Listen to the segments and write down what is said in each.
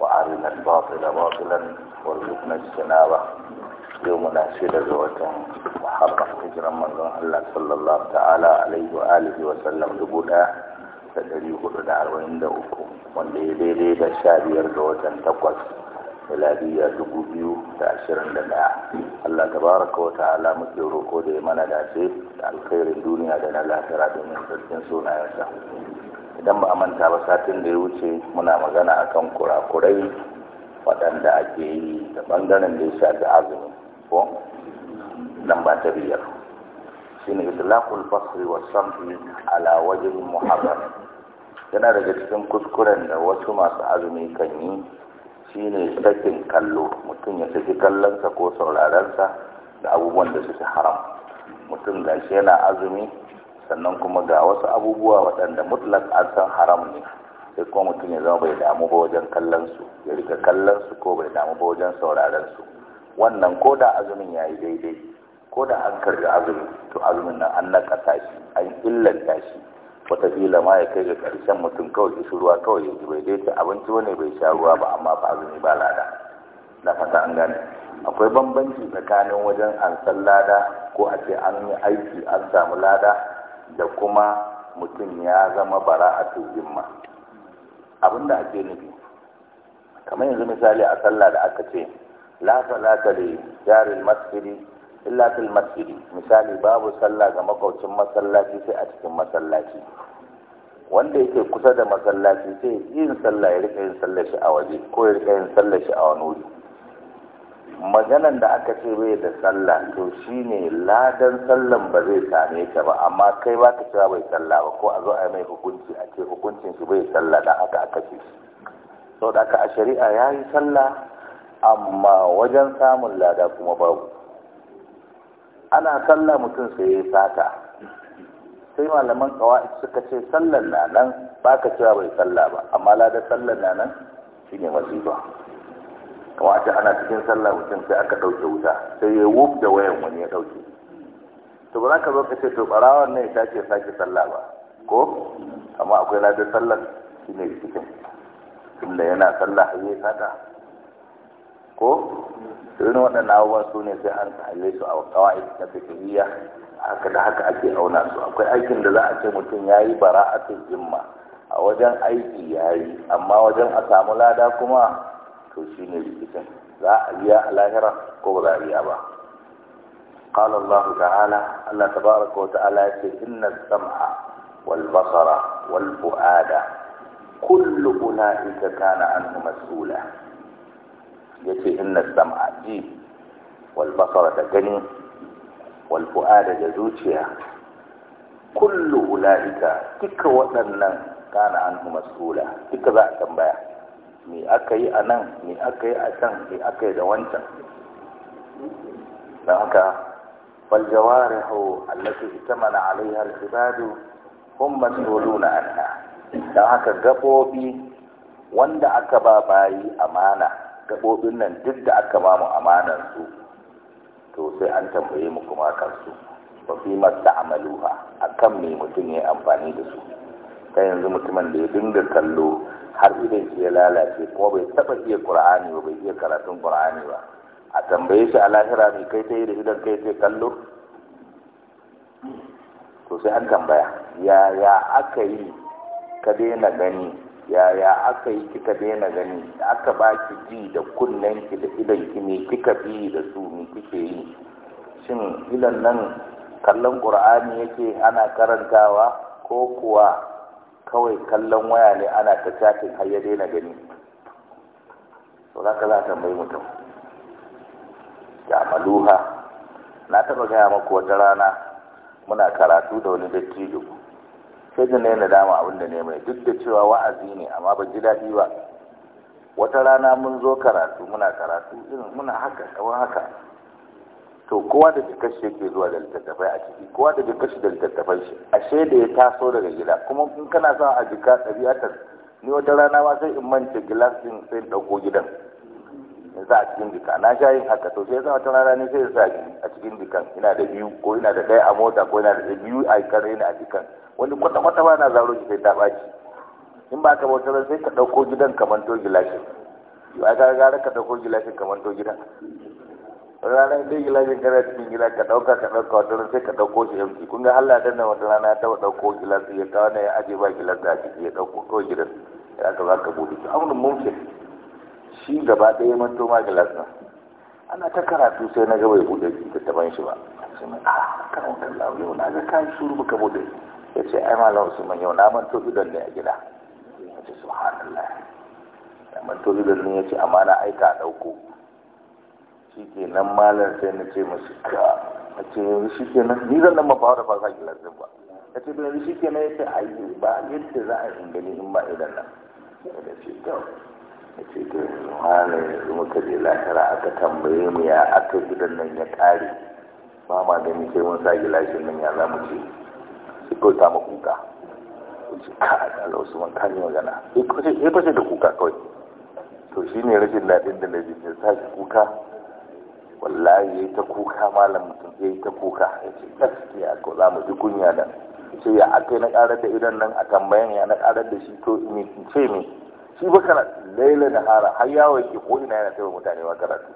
وأرنا الباطل باطلا وارزقنا اجتنابه يومنا شيدا زوجة محرم هجرا من الله صلى الله تعالى عليه وآله وسلم لبدا تدري هدى أربعين دوكو وندي ليلي دشابير زوجة تقوى miladiya dubu biyu da ashirin da ɗaya Allah tabaraka wa ta'ala muke roko da ya mana dace da alkhairin duniya da na lafiya domin sarkin sunayensa idan ba a manta ba satin da ya wuce muna magana akan kurakurai waɗanda ake yi da ɓangaren da ya shafi azumi ko ba ta biyar da lakul fasli wa samfi ala wajen muharram yana daga cikin kuskuren da wasu masu azumi kan yi shine sakin kallo mutum ya saki kallonsa ko sauraronsa da abubuwan da suke haram mutum gashi yana azumi sannan kuma ga wasu abubuwa waɗanda mutlak an san haram ne sai kuma mutum ya zama bai damu ba wajen kallon su ya rika kallon su ko bai damu ba wajen sauraron su wannan ko da azumin ya yi daidai ko da an karbi azumi to azumin nan an naka shi an illanta shi wataƙila ma ya kai ga ƙarshen mutum kawai shi ruwa kawai ya ji bai daidai abinci wani bai sha ruwa ba amma ba azumi ba lada na fata an gane akwai bambanci tsakanin wajen an san lada ko a ce an yi aiki an samu lada da kuma mutum ya zama bara bara'atul jimma. abinda ake nufi kamar yanzu misali a sallah da aka ce la salata li jaril masjidi illa fil masjidi misali babu sallah ga makaucin masallaci sai a cikin masallaci wanda yake kusa da masallaci sai yin sallah ya rika yin sallar a waje ko ya rika yin sallar a wani wuri maganan da aka ce bai da sallah to shine ladan sallan ba zai same ta ba amma kai ba ka cewa bai sallah ba ko a zo a mai hukunci a ce hukuncin shi bai sallah da haka aka ce sau da aka a shari'a ya yi sallah amma wajen samun lada kuma babu ana sallah mutum sai ya sata sai malaman kawa suka ce sallan na nan ba ka cewa bai sallah ba amma ladan sallan na nan shine masifa wata ana cikin sallah mutum sai aka ɗauke wuta sai ya wuf da wayan wani ya ɗauke to ba za ka zo ka ce to ɓarawan ne ta ce sake sallah ba ko amma akwai ladar sallar shi ne cikin tunda yana sallah har yi sata ko irin waɗannan abubuwan su ne sai an halle su a kawai na fikiriya haka da haka ake auna su akwai aikin da za a ce mutum ya yi bara a jimma a wajen aiki ya yi amma wajen a samu lada kuma to shine لا za a riya a قال الله تعالى الله تبارك وتعالى إن السمع والبصر والفؤاد كل أولئك كان عنه مسؤولا يتي إن السمع جي والبصر تجني والفؤاد جزوتيا كل أولئك تك وطنا كان عنه مسؤولا تك ذا تنبيه me aka yi a nan me aka yi a can me aka yi da wancan don haka فالجوارح التي اتمن kun العباد هم na عنها don haka gaɓoɓi wanda aka ba bayi amana gabobin nan duk da aka ba mu amanar su to sai an tambaye mu kuma kan su ba fi masta amaluwa a kan me mutum ya amfani da su ta yanzu mutumin da ya dinga kallo har idan shi ya lalace ko bai taba iya qur'ani ba bai iya karatun qur'ani ba a tambaye shi a lahira mai kai ta yi da idan kai sai kallo to sai an tambaya yaya aka yi ka daina gani yaya aka yi kika daina gani aka baki ji da kunnen ki da idan ki me kika bi da su me kike yi shin idan nan kallon qur'ani yake ana karantawa ko kuwa kawai kallon waya ne ana ta chatting har ya daina gani to za ka za ta mai mutum maluha na taɓa gaya maku wata rana muna karatu da wani dattijo sai da na yi nadama abin da ne mai duk da cewa wa'azi ne amma ba ji daɗi ba wata rana mun zo karatu muna karatu irin muna haka tsawon haka to kowa da jikar yake zuwa da littattafai a ciki kowa da jikar shi da littattafai shi a da ya taso daga gida kuma in kana son a jika ɗabi'atar ni wata rana ma sai in mance gilasin sai in ɗauko gidan in sa a cikin jika na sha yin haka to sai yasa wata rana ne sai in sa a cikin jikan ina da biyu ko ina da ɗaya a mota ko ina da biyu a kare ni a jikan wani kwata-kwata ba na zaro shi sai ta ɓaci in ba ka bautar sai ka ɗauko gidan kamar to gilashin yau a gara ka ɗauko gilashin kamar to gidan ranar duk gilashin kana cikin gida ka ɗauka ka ɗauka wata sai ka ɗauko shi yanki kun ga Allah danna wata rana ta ɗauko gilas ya kawo ne ya aje ba gilas da ciki ya ɗauko kawai gida ya ka za ka buɗe shi amurin mumkin shi gaba ɗaya manto ma gilas na ana ta karatu sai na gaba ya buɗe shi ta taban shi ba sai mai a ah, karan kalla yau na ga kayi shuru baka buɗe ya ce ai malam usman yau na manto idon ne a gida ya ce subhanallah ya manto idon ne ya ce amana na aika a ɗauko shi ke nan malar sai na ce masu ka a ce yanzu shi ke nan nizan nan mafawa da fasa ki lantin ba a ce yanzu shi ke nan ya ce a yi ba yadda za a yi gani in ba idan nan da ce kyau da ce ta yanzu malar yanzu muka je lahira aka tambaye mu ya aka gidan nan ya kare ba ma ni sai mun sa gilashin nan ya za ce su kauta ma kuka ce ka a ɗan man kan magana ya fashe da kuka kawai to shi ne rashin daɗin da na jin sa kuka wallahi yayi ta kuka malam mutum yi ta kuka ya ce gaskiya ko za mu ji kunya da sai ya akai na karar da idan nan a tambayan ya na karar da shi to in ce ne. shi ba kana laila da hara har yawo yake ko ina yana taimaka mutane ma karatu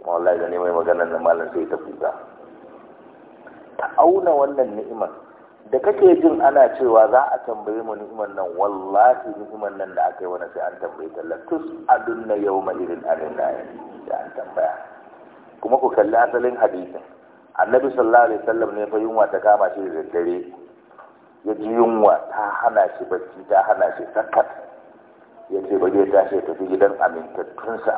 kuma wallahi da ne mai maganar nan malam sai ta kuka ta auna wannan ni'imar da kake jin ana cewa za a tambaye mu ni'imar nan wallahi ni'imar nan da aka yi wani sai an tambaye ta latus adunna yawma irin abin da an tambaya kuma ku kalli asalin hadisin annabi sallallahu alaihi wasallam ne fa yunwa ta kama shi da daddare ya ji yunwa ta hana shi bacci ta hana shi sakat ya ce ba ta tashi ya tafi gidan amintattunsa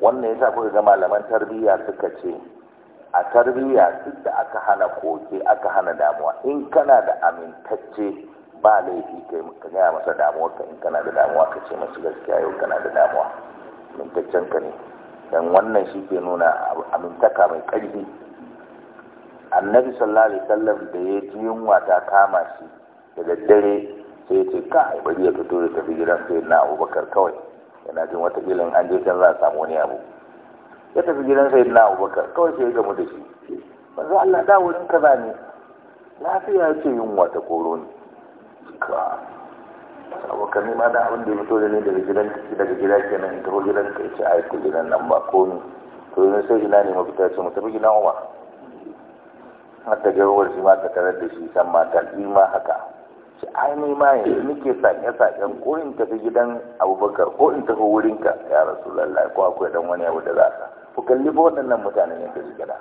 wannan yasa kuka ga malaman tarbiyya suka ce a tarbiyya duk da aka hana koke aka hana damuwa in kana da amintacce ba laifi kai ka gaya masa damuwa ka in kana da damuwa ka ce masu gaskiya yau kana da damuwa amintaccen ka ne dan wannan shi ke nuna amintaka mai ƙarfi annabi sallallahu alaihi wasallam da ya ji yunwa ta kama shi da daddare sai ya ce ka bari ya fito da tafi gidan sai na abubakar kawai yana jin wata ilin an je can za a samu wani abu ya tafi gidan sai na abubakar kawai sai ya gamu da shi manzo Allah da wurin kaza ne lafiya ce yunwa ta koro ne ka abokan ma da abin da ya fito da ni daga gidan daga gida kenan in taho gidan ka ce ai ku gidan nan ba komi to yanzu sai gina ne ta ce mu tafi gina umar har ta ga shi ma ta tarar da shi san matan in ma haka ce ai ni ma yanzu nake sake saƙen ko in tafi gidan abubakar ko in tafi wurin ka ya lallai ko akwai dan wani abu da za ka ku kalli ba waɗannan mutanen yadda suke da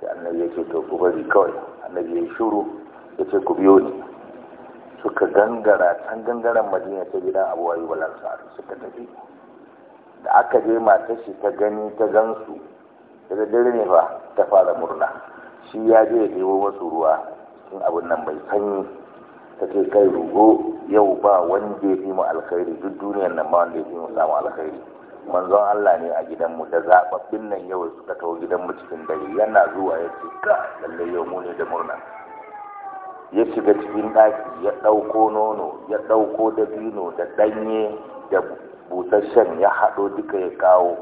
sai annabi ya ce to ku bari kawai annabi ya shuru ya ce ku biyo ni suka gangara can gangaren madina ta gidan abu ayyub al-ansari suka tafi da aka je mata shi ta gani ta gansu da dare ne fa ta fara murna shi ya je ya dewo masu ruwa cikin abin nan mai sanyi ta ce kai rugo yau ba wanda ya fi alkhairi duk duniyar nan ba wanda ya fi mu samu alkhairi manzon Allah ne a gidanmu da zababbin nan yau suka taho gidanmu cikin dare yana zuwa ya ce ka lallai yau mu ne da murna ya shiga cikin ɗaki ya ɗauko nono ya ɗauko dabino da ɗanye da busasshen ya haɗo duka ya kawo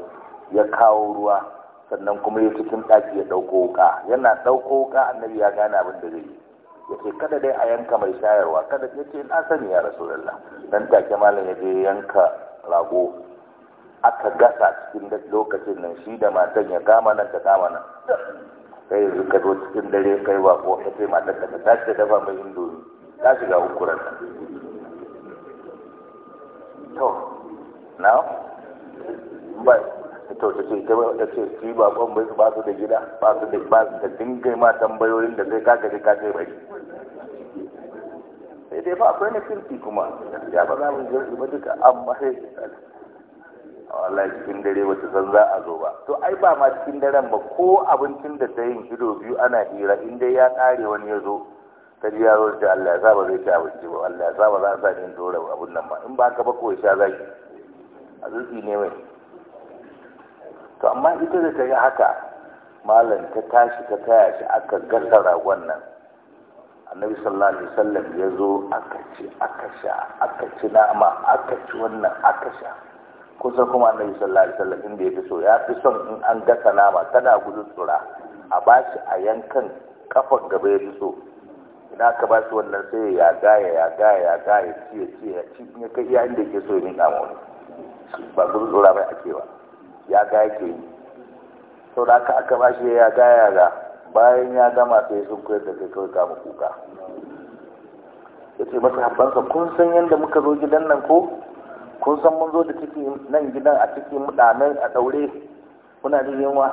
ya kawo ruwa sannan kuma ya cikin ɗaki ya ɗauko wuka yana ɗauko wuka annabi ya gane abin da zai yi ya ce kada dai a yanka mai shayarwa kada ya ce na sani ya rasu lalla dan take malam ya je yanka rago aka gasa cikin lokacin nan shi da matan ya kama nan ta kama nan kai yanzu ka zo cikin dare kai wa ko ka ce matar ka ta tashi ta dafa mai indomi ta shiga ukuran to now ba to ta ce ta ce shi ba kon bai ba su da gida ba su da ba su da dingai ma tambayoyin da sai ka gaji ka ce bai sai dai ba akwai na kirki kuma ya ba za mu je ba duka amma sai wallahi cikin dare wata san za a zo ba to ai ba ma cikin daren ba ko abincin da ta yin ido biyu ana hira in dai ya kare wani ya zo ta ji yaro da Allah ya saba zai ci abinci ba Allah ya saba za a sa ni dora abun nan ba in ba ka ba ko sha zaki zuci ne mai to amma ita da ta yi haka malam ta tashi ta taya shi aka gasa ragon nan annabi sallallahu alaihi wasallam ya zo aka ci aka sha aka ci nama aka ci wannan aka sha kusa kuma annabi sallallahu alaihi wasallam inda ya fi so ya fi son in an gasa nama kada gudu tsura a bashi a yankan kafar gaba ya fi so ka aka shi wannan sai ya gaya ya gaya ya gaya ci ya ci ya ci ya kai iya inda yake so ya miƙa mu ba gudu tsura bai ake ba ya ga yake yi sau da aka aka bashi ya gaya ya ga bayan ya gama sai sun koyar da kai kawai kama kuka ya ce masa habbansa kun san yadda muka zo gidan nan ko kun san mun zo da ciki nan gidan a ciki mudanai a daure kuna da yunwa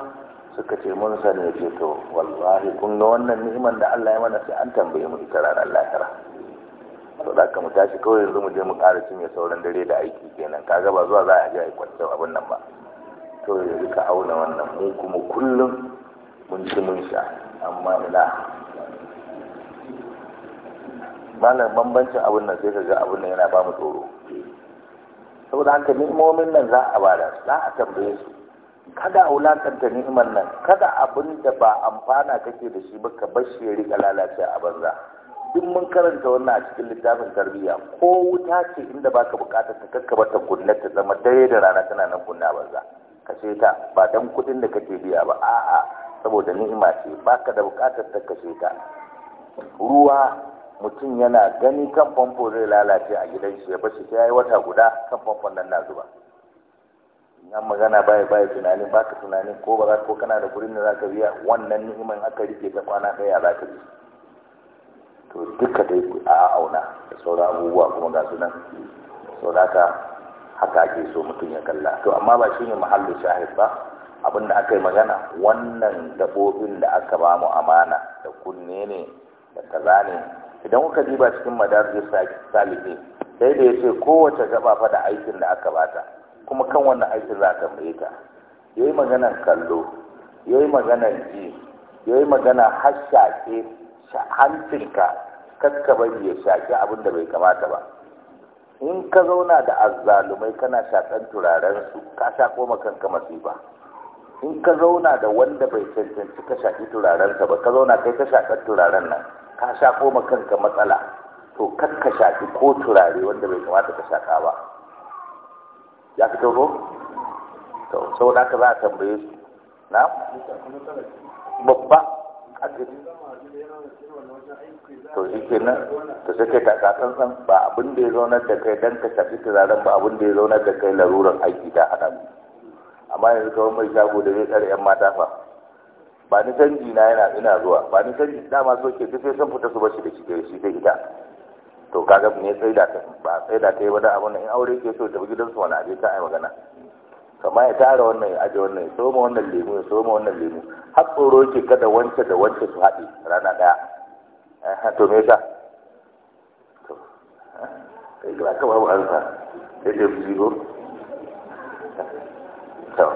suka ce mun sani ya ce to wallahi kun ga wannan ni'imar da Allah ya mana sai an tambaye mu ita ranar lahira to da ka mu tashi kawai yanzu mu je mu ƙara cinye sauran dare da aiki kenan kaga ba zuwa za a je a yi kwanciyar abin nan ba to yanzu ka auna wannan mu kuma kullum mun ci mun sha amma ina malam bambancin abin nan sai ka ga abin nan yana ba mu tsoro saboda haka ni'imomin nan za a bada za a tambaye su kada a wulakanta ni'imar nan kada abin da ba amfana kake da shi ba ka bar shi ya rika lalace a banza duk mun karanta wannan a cikin littafin tarbiyya ko wuta ce inda baka bukatar ta kakkaba ta kunna ta zama dare da rana tana nan kunna banza ka ce ta ba dan kuɗin da kake biya ba a'a saboda ni'ima ce baka da bukatar ta kashe ta ruwa mutum yana gani kan famfo zai lalace a gidan shi ya bashi ta yi wata guda kan famfon nan na zuba an magana baya baya tunanin baka tunanin ko ba za ko kana da gurin da za ka biya wannan ni'iman aka rike ta kwana ɗaya za ka bi. to duka dai a auna da sauran abubuwa kuma ga sunan sau da haka haka ake so mutum ya kalla to amma ba shi ne muhallin shahid ba abinda aka yi magana wannan daɓobin da aka bamu amana da kunne ne da kaza ne idan kuka diba cikin madarajin salihi sai da ya ce kowace gaba fa da aikin da aka bata kuma kan wannan aikin za ka mai ta yayi maganar kallo yayi maganar ji yayi magana har hancinka kakka bari ya shaki abin da bai kamata ba in ka zauna da azzalumai kana shakan turaren su ka koma kanka masifa in ka zauna da wanda bai cancanci ka shaki turaren sa ba ka zauna kai ka shaƙar turaren nan ka shafo ma kanka matsala to ka shafi ko turare wanda bai kamata ka shaka ba ya fi tauro to sau da ka za a tambaye su na babba to shi ke nan to sai ke takatsan san ba abin da ya zaunar da kai don ka shafi turaren ba abin da ya zaunar da kai laruran aiki ta haɗa amma yanzu kawai mai shago da zai tsare 'yan mata fa ba ni canji na yana ina zuwa ba ni canji dama so ke duk sai san fita su bashi da shi shi sai ita to kaga ne sai da ta ba sai da ta yi wani abu in aure ke so ta bi gidansu wani abin ta ai magana kamar ya tara wannan ya aje wannan ya soma wannan lemu ya soma wannan lemu har tsoro ke kada wance da wance su haɗe rana ɗaya eh, to me yasa to eh, kai ba ka babu sai dai fujigo to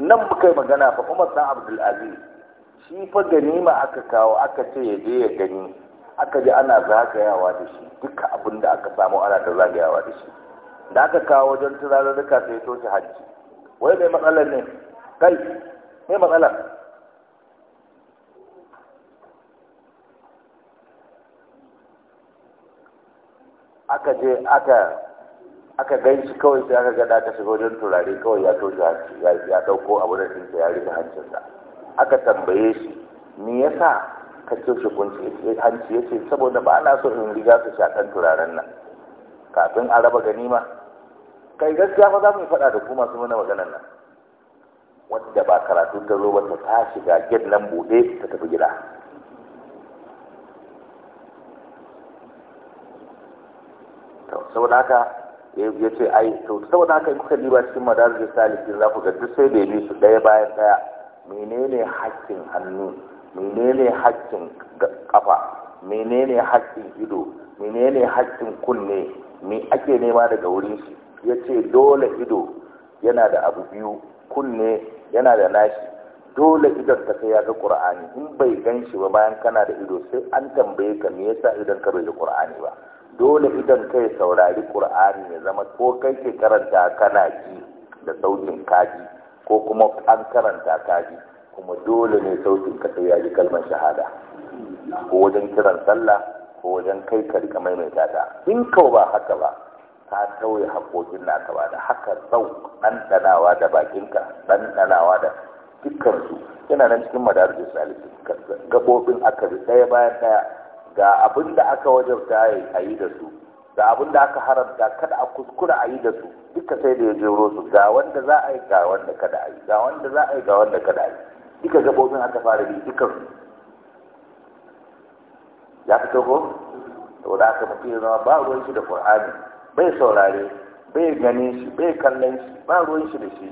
nan muka yi magana fa Umar dan Abdul Aziz shi fa ganima aka kawo aka ce ya je ya gani aka ji ana zagayawa da shi duka abin da aka samu ana ta zagayawa da shi da aka kawo wajen duka sai ya toshe hajji wai mai matsalar ne kai mai matsalar aka je aka aka gan shi kawai sai aka gada ta shiga wajen turare kawai ya toshe hanci ya dauko abu da shi ya rufe hancinsa aka tambaye shi me yasa ka toshe kunci hanci ya ce saboda ba ana so in riga su shakan turaren nan kafin a raba ganima kai gaskiya fa za mu faɗa da ku masu mana maganar nan wadda ba karatu ta zo ba ta ta shiga gid nan buɗe ta tafi gida saboda haka ya ce ai to saboda haka kuka diba cikin da salifin za ku ga sai da su ɗaya bayan ɗaya menene haƙƙin hannu menene haƙƙin kafa menene haƙƙin ido menene haƙƙin kunne me ake nema daga wurin shi ya ce dole ido yana da abu biyu kunne yana da nashi dole idan ka sai ya ga qur'ani in bai gan shi ba bayan kana da ido sai an tambaye ka me yasa idan ka bai da qur'ani ba dole idan kai saurari ƙur'ani ya zama ko kai ke karanta kana ki da sautin kaji ko kuma an karanta kaji kuma dole ne sautin ka sai ya ji kalmar shahada ko wajen kiran sallah ko wajen kai ka maimaita ta in kau ba haka ba ka tauye na naka ba da haka sau ɗanɗanawa da bakinka ɗanɗanawa da dukkansu yana nan cikin madarajin salisu gaɓoɓin aka bi ɗaya bayan ɗaya Da abin da aka wajabta a yi da su da abin da aka haramta kada a kuskura a yi da su duka sai da ya jero su ga wanda za a yi ga wanda kada a yi ga wanda za a yi ga wanda kada a yi duka gabobin aka fara bi su ya fi ko to da aka mafi ya zama ba ruwan shi da qur'ani bai saurare bai gani shi bai kallon shi ba ruwan shi da shi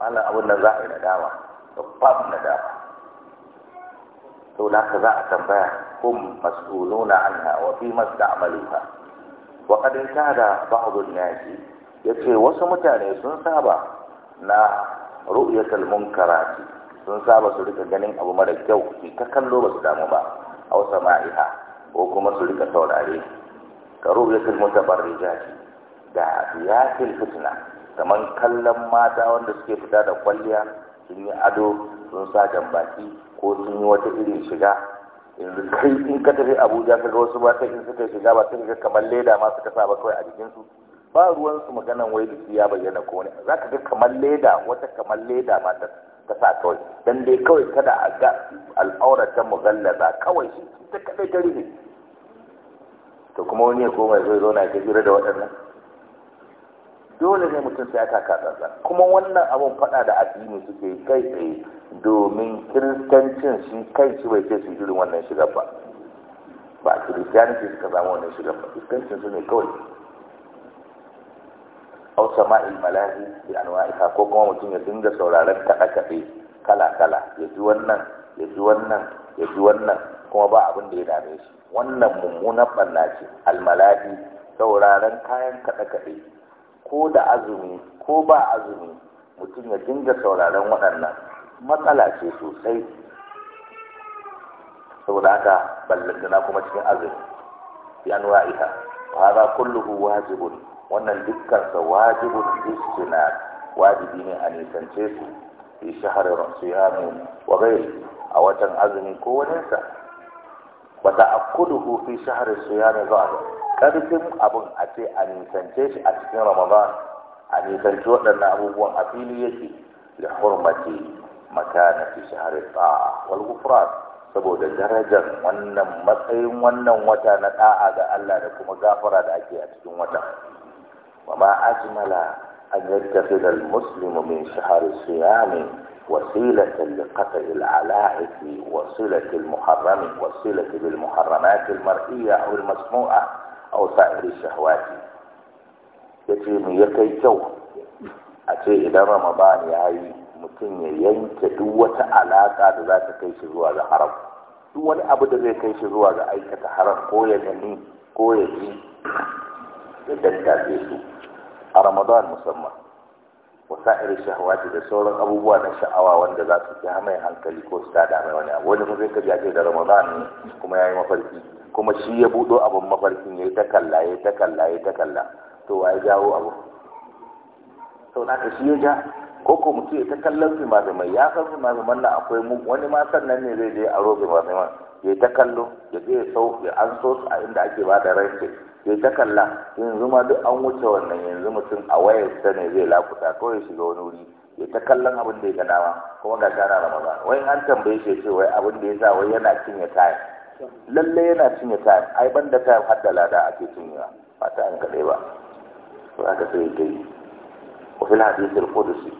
malam abin nan za a yi nadama babban nadama to da aka za a tambaya هم مسؤولون عنها da استعملوها وقد انتهى بعض الناس yace wasu mutane sun saba na ru'yatul munkarati sun saba su rika ganin abu mara kyau su ta kallo ba su damu ba aw sama'iha ko kuma su rika saurare ka ru'yatul mutabarrijati da riyatul fitna kaman kallon mata wanda suke fita da kwalliya sun yi ado sun sa jambaki ko sun yi wata irin shiga yanzu kai in ka tafi abuja ka ga wasu matan in suka shiga ba suka ga kamar leda ma suka sa ba kawai a jikinsu ba ruwan su maganan wai da ya bayyana ko ne za ka ga kamar leda wata kamar leda ma ta ta sa kawai dan dai kawai kada a ga al'aurar ta mughallaza kawai shi ta kadai ta rufe to kuma wani ya koma zai zo na ga jira da waɗannan dole ne mutum sai ya taka tsantsan kuma wannan abun faɗa da addini suke kai tsaye domin kiristancin shi kai shi bai ce su irin wannan shigar ba ba a kiristiyanci suka zama wannan shigar ba kiristancin su ne kawai au sama'il malahi bi anwa'iha ko kuma mutum ya dinga sauraron kaɗe-kaɗe kala-kala ya ji wannan ya ji wannan ya ji wannan kuma ba abin da ya dame shi wannan mummunan ɓanna ce almalahi sauraron kayan kaɗe-kaɗe ko da azumi ko ba azumi mutum ya dinga sauraron waɗannan matsala ce sosai saboda haka ballantana kuma cikin azumi bi anwa'iha wa ku kulluhu wajibun wannan dukkan sa wajibun istina wajibi ne a nisance su fi su ya wa ghairi a watan azumi ko a wa ta'akkuduhu fi shahar siyami za'a karfin abun a ce a nisance shi a cikin ramadan a nisance waɗannan abubuwan a fili yake da hurmati مكانة شهر الطاعة والغفران سبود درجة من مطعي من وطن الطاعة دا الله لكم غافرة دا وما أجمل أن يتخذ المسلم من شهر الصيام وسيلة لقطع العلائق وصلة المحرم وصلة بالمحرمات المرئية أو المسموعة أو سائر الشهوات يتيم يكي جو أتي إلى رمضان يا أيها mutum ya yanke duk wata alaƙa da za ta kai shi zuwa ga haram duk wani abu da zai kai shi zuwa ga aikata haram ko ya gani ko ya ji ya daddace su a ramadan musamman wasa'ir shahawati da sauran abubuwa na sha'awa wanda za su ji hamayin hankali ko su tada mai wani abu wani kuma zai kaji ake da ramadan ne kuma ya yi mafarki kuma shi ya buɗo abin mafarkin ya yi ta kalla ya yi ta kalla ya yi ta kalla to wa ya jawo abu sau na ka shi ya ja ko ko ya ta kallon fimafimai ya san fimafiman na akwai mu wani ma sannan ne zai je aro fimafiman ya ta kallo ya je sau ya an so su a inda ake bada da ce ya ta kalla yanzu ma duk an wuce wannan yanzu mutum a wayar ta ne zai lakuta kawai shiga wani wuri ya ta kallon abin da ya gana ma kuma ga na ramadan wai an tambaye shi ce wai abin da ya sa wai yana cinye tayin lalle yana cinye tayin ai ban da tayin har da lada ake cinyewa ba an kaɗai ba to aka sai ya yi وفي الحديث القدسي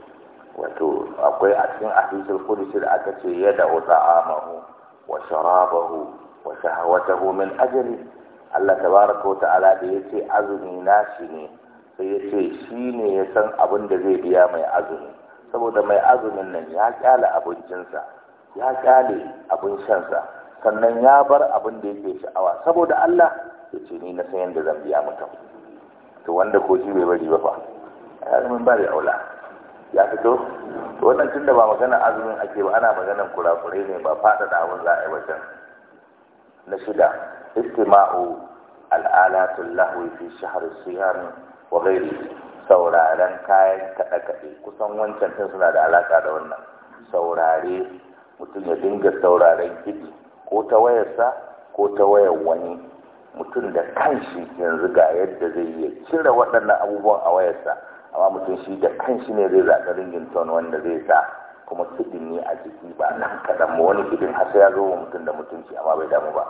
wato akwai a cikin hadisul qudsi da aka ce yada ta'amahu wa sharabahu wa shahawatahu min ajli Allah tabaraka wa ta'ala da yace azumi na shi ne sai yace ne ya san abin da zai biya mai azumi saboda mai azumin nan ya kyale abincinsa ya kyale abin shansa sannan ya bar abin da yake sha'awa saboda Allah ya ce ni na san yadda zan biya mutum to wanda ko shi bai bari ba fa azumin ba da aula ya fito to wannan tunda ba magana azumin ake ba ana maganan kurakurai ne ba faɗaɗa da za a yi wajen na shida istima'u al'alatul lahwi fi shahr siyam wa ghairi sauraren kayan kaɗe kaɗe kusan wancan tun suna da alaka da wannan saurare mutum ya dinga sauraren kiɗi ko ta wayarsa ko ta wayar wani mutum da kanshi yanzu ga yadda zai iya cire waɗannan abubuwan a wayarsa amma mutum shi da kanshi ne zai zaɓi ringin ton wanda zai sa kuma kiɗin ne a jiki ba nan kaɗan mu wani kiɗin har sai ya zo mutum da mutunci amma bai damu ba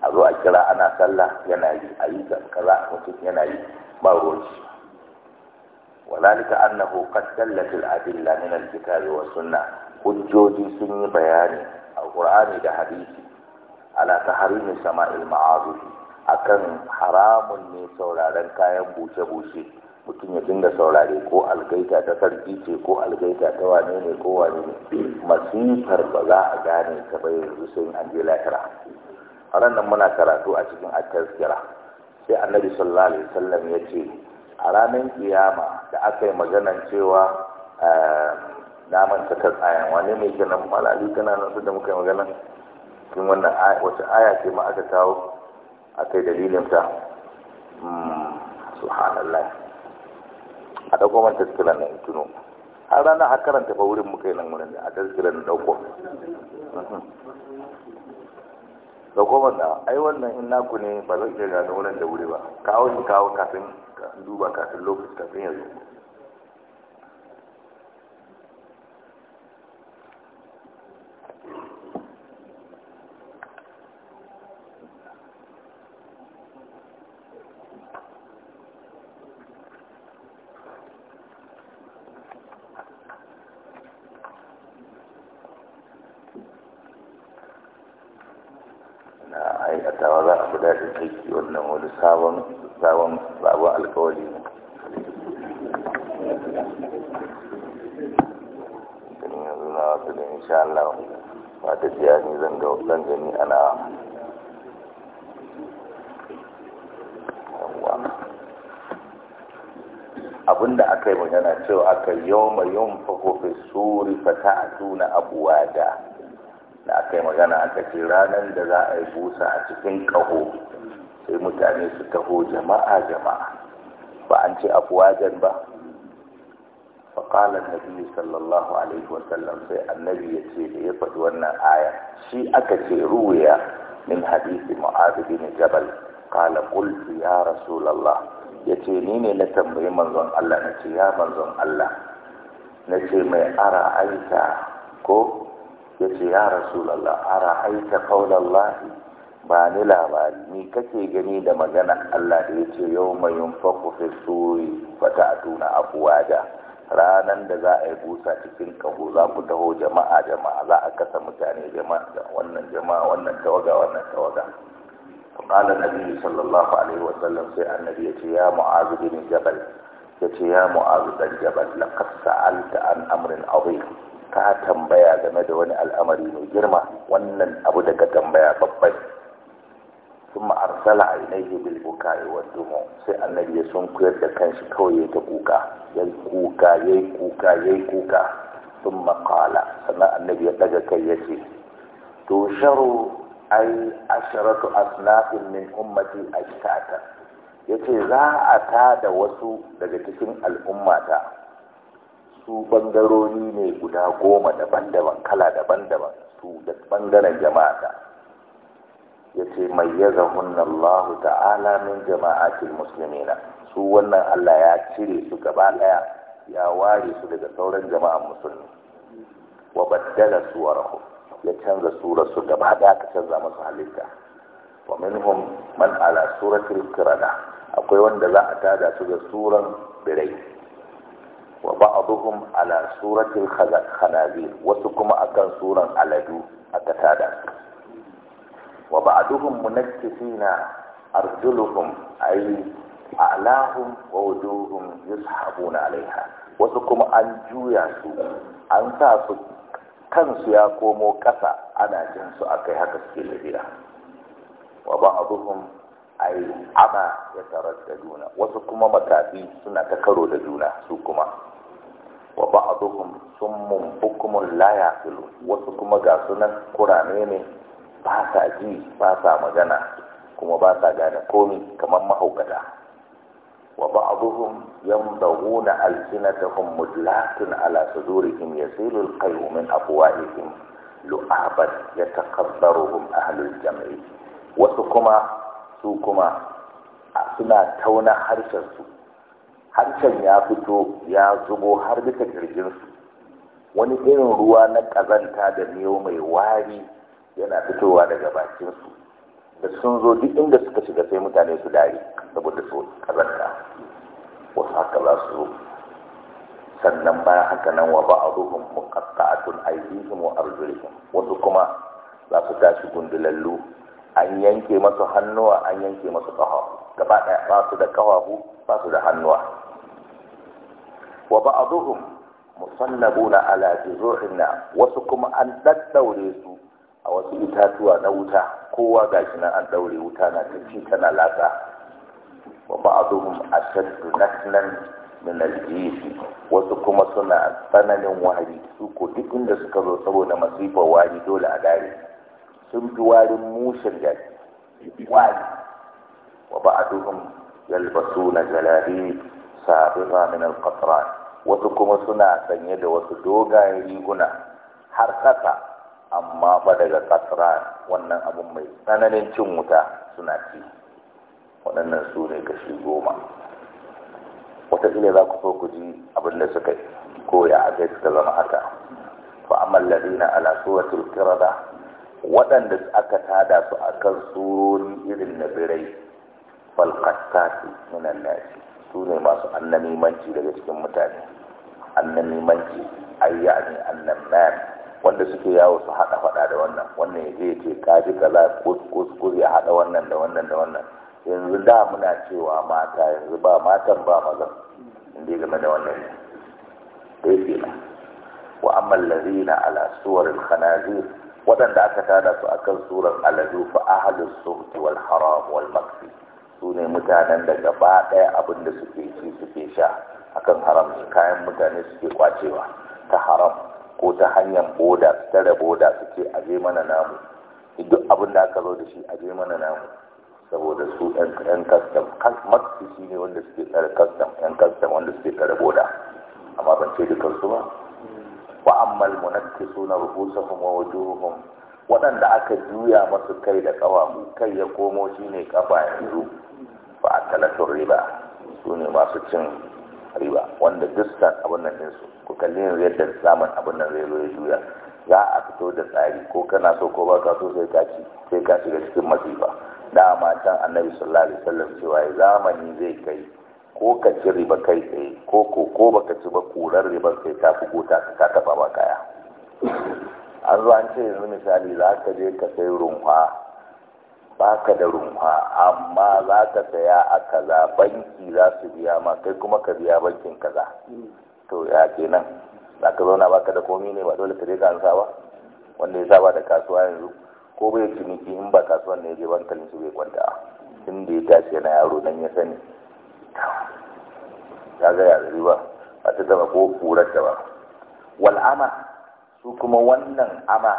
a zo a kira ana sallah yana yi a yi kaza mutum yana yi ba ruwan shi walalika annahu qad dallatil adilla min alkitabi wa sunna hujjoji sun yi bayani alqur'ani da hadisi ala tahrimi sama'il ma'azihi akan haramun ne sauraron kayan bushe-bushe mutum ya dinga saurare ko algaita ta sarki ce ko algaita ta wane ne ko wane ne masifar ba za a gane ta bai yanzu sai an je lafira a nan muna karatu a cikin at kira, sai annabi sallallahu alaihi wasallam ya ce a ranar kiyama da aka yi maganar cewa eh, naman ta tsayan wane mai kenan malali kana nan su da muka yi maganar? cikin wannan wace aya ce ma aka kawo aka yi dalilin ta hmm, subhanallah a ɗauko man taskilan na tuno har ranar har karanta fa wurin muka yi nan wurin a taskilan na ɗauko ɗauko man da ai wannan in naku ne ba zan iya gano wurin da wuri ba kawo shi kawo kafin duba kafin lokaci kafin yanzu kuburi fata'atuna abwada da aka yi magana aka ce ranar da za a yi busa a cikin kaho sai mutane su taho jama'a jama'a ba an ce afwajan ba faƙala nabi sallallahu alaihi wasallam sai annabi ya ce da ya faɗi wannan aya shi aka ce ruwiya min hadisi mu'adh bin jabal qala qultu ya rasulullah yace ni ne na tambayi manzon Allah na ce ya manzon Allah na ce mai ara aita ko ya ce ya rasulallah ara aita kaulallahi ba ni labari ni kake gani da magana Allah da ya ce yau mai yunfaku fi suri fata a tuna afuwaja Ranar da za a yi busa cikin kaho za ku taho jama'a jama'a za a kasa mutane jama'a wannan jama'a wannan tawaga wannan tawaga فقال النبي صلى الله عليه وسلم ya النبي يا معاذ بن جبل yace ya mu'azu dan jabal laqad sa'alta an amrin azim ka tambaya game da wani al'amari mai girma wannan abu da ka tambaya babban ثم أرسل عينيه بالبكاء والدموع sai annabi ya sunkuyar da kanshi kawai ya ta kuka yayi kuka yayi kuka yayi kuka ثم قال sannan annabi ya daga kai ya ce to sharu ai asharatu asnafin min ummati ashtata ya ce za a ta da wasu daga cikin al'ummata su bangarori ne guda goma daban-daban kala daban-daban su da bangaren jama'ata ya ce mai yaza hunnallahu ta'ala min jama'atin musulmina su wannan allah ya cire su gaba daya ya ware su daga sauran jama'an musulmi wa baddala suwarahum ya canza surarsu gaba daya ka canza masu halitta wa minhum man ala suratul kirada akwai wanda za a tada su da suran birai wa ba'dhum ala suratul khanazir wasu kuma akan suran aladu aka tada su wa ba'dhum munakkisina arjuluhum ay a'lahum wa wujuhum yushabuna alaiha wasu kuma an juya su an sa su kansu ya komo ƙasa ana jin su akai haka suke tafiya وبعضهم أي عمى يترددون وسكما مكافي سنة كرو لجونا سكما وبعضهم سم بكم لا يعقل وسكما جاسنا قرانين باسا جي باسا مجانا كما باسا جانا كومي كما ما هو كدا وبعضهم يمضغون ألسنتهم مدلات على صدورهم يسيل القيوم من أفواههم لؤابا يتقدرهم أهل الجمعين wasu kuma su kuma suna tauna harshen su. harshen ya fito ya zubo har bisa su. wani irin ruwa na ƙazanta da miyo mai wari yana fitowa daga bakinsu da sun zo duk inda suka shiga sai mutane su dare saboda su ƙazanta wasu haka za su zo sannan bayan haka nan wa tun aiki su mu arjuluhum wasu kuma za su tashi gundulallu an yanke masu hannuwa an yanke masu ƙafa gaba ɗaya ba su da ƙafafu ba su da hannuwa wa ba'dhum musallabuna ala juzuhin wasu kuma an daddaure su a wasu itatuwa na wuta kowa gashi nan an daure wuta na tafi tana latsa wa ba'dhum ashaddu naklan min al wasu kuma suna tsananin wari su ko duk inda suka zo saboda masifar wari dole a dare sun fi warin mushen jaki wari wa ba'duhum yalbasuna jalabi sabiqa min al-qatran wasu kuma suna sanye da wasu dogayen riguna har kasa amma ba daga qatran wannan abin mai tsananin cin wuta suna ci waɗannan su ne kashi goma wataƙila za ku so ku ji abin da suka koya a ya zama haka fa amma ladina ala suratul qirada waɗanda aka tada su akan tsoron irin na birai falkattaki minan nasi su ne masu annamimanci daga cikin mutane annamimanci imanci ne annan wanda suke yawo su haɗa faɗa da wannan wannan ya je ce kaji kaza kuskus ya haɗa wannan da wannan da wannan yanzu da muna cewa mata yanzu ba matan ba mazan inda game da wannan ne ce kenan wa amma lalina ala suwar khanazir waɗanda aka tada su akan surar aladu fa ahlus suhti wal haram wal makfi su ne mutanen da gaba ɗaya abin da suke ci suke sha akan haram kayan mutane suke kwacewa ta haram ko ta hanyar boda su tare boda su ce aje mana namu duk abin da aka zo da shi aje mana namu saboda su yan kastam makfi shi ne wanda suke tsare kastam yan kastam wanda suke tsare boda amma ban ce dukansu ba wa suna munakkisuna rubusuhum wa wujuhum waɗanda aka juya masu kai da ƙawamu kai ya komo shine kafa yanzu fa akalatun riba su ne masu cin riba wanda dukkan abin nan ɗinsu ku kalli yanzu yadda samun abin nan zai zo ya juya za a fito da tsari ko kana so ko ba so sai ka ci sai ka shiga cikin masifa dama can annabi sallallahu alaihi wasallam cewa zamani zai kai ko ka ci riba kai tsaye ko ko ko baka ci ba kurar ribar kai ta fi gota ta taba ba kaya an zo an ce yanzu misali za ka je ka sai runwa ka da runwa amma za ka saya a kaza banki za su biya ma kai kuma ka biya bankin kaza to ya kenan za ka zauna ba ka da komi ne ba dole ka je ka ansa ba wanda ya saba da kasuwa yanzu ko bai ciniki in ba kasuwan ne ya je bankalin su bai kwanta inda ya tashi yana yaro nan ya sani ta gaya da riba ba ta zama ko kurar da ba wal'ama su kuma wannan ama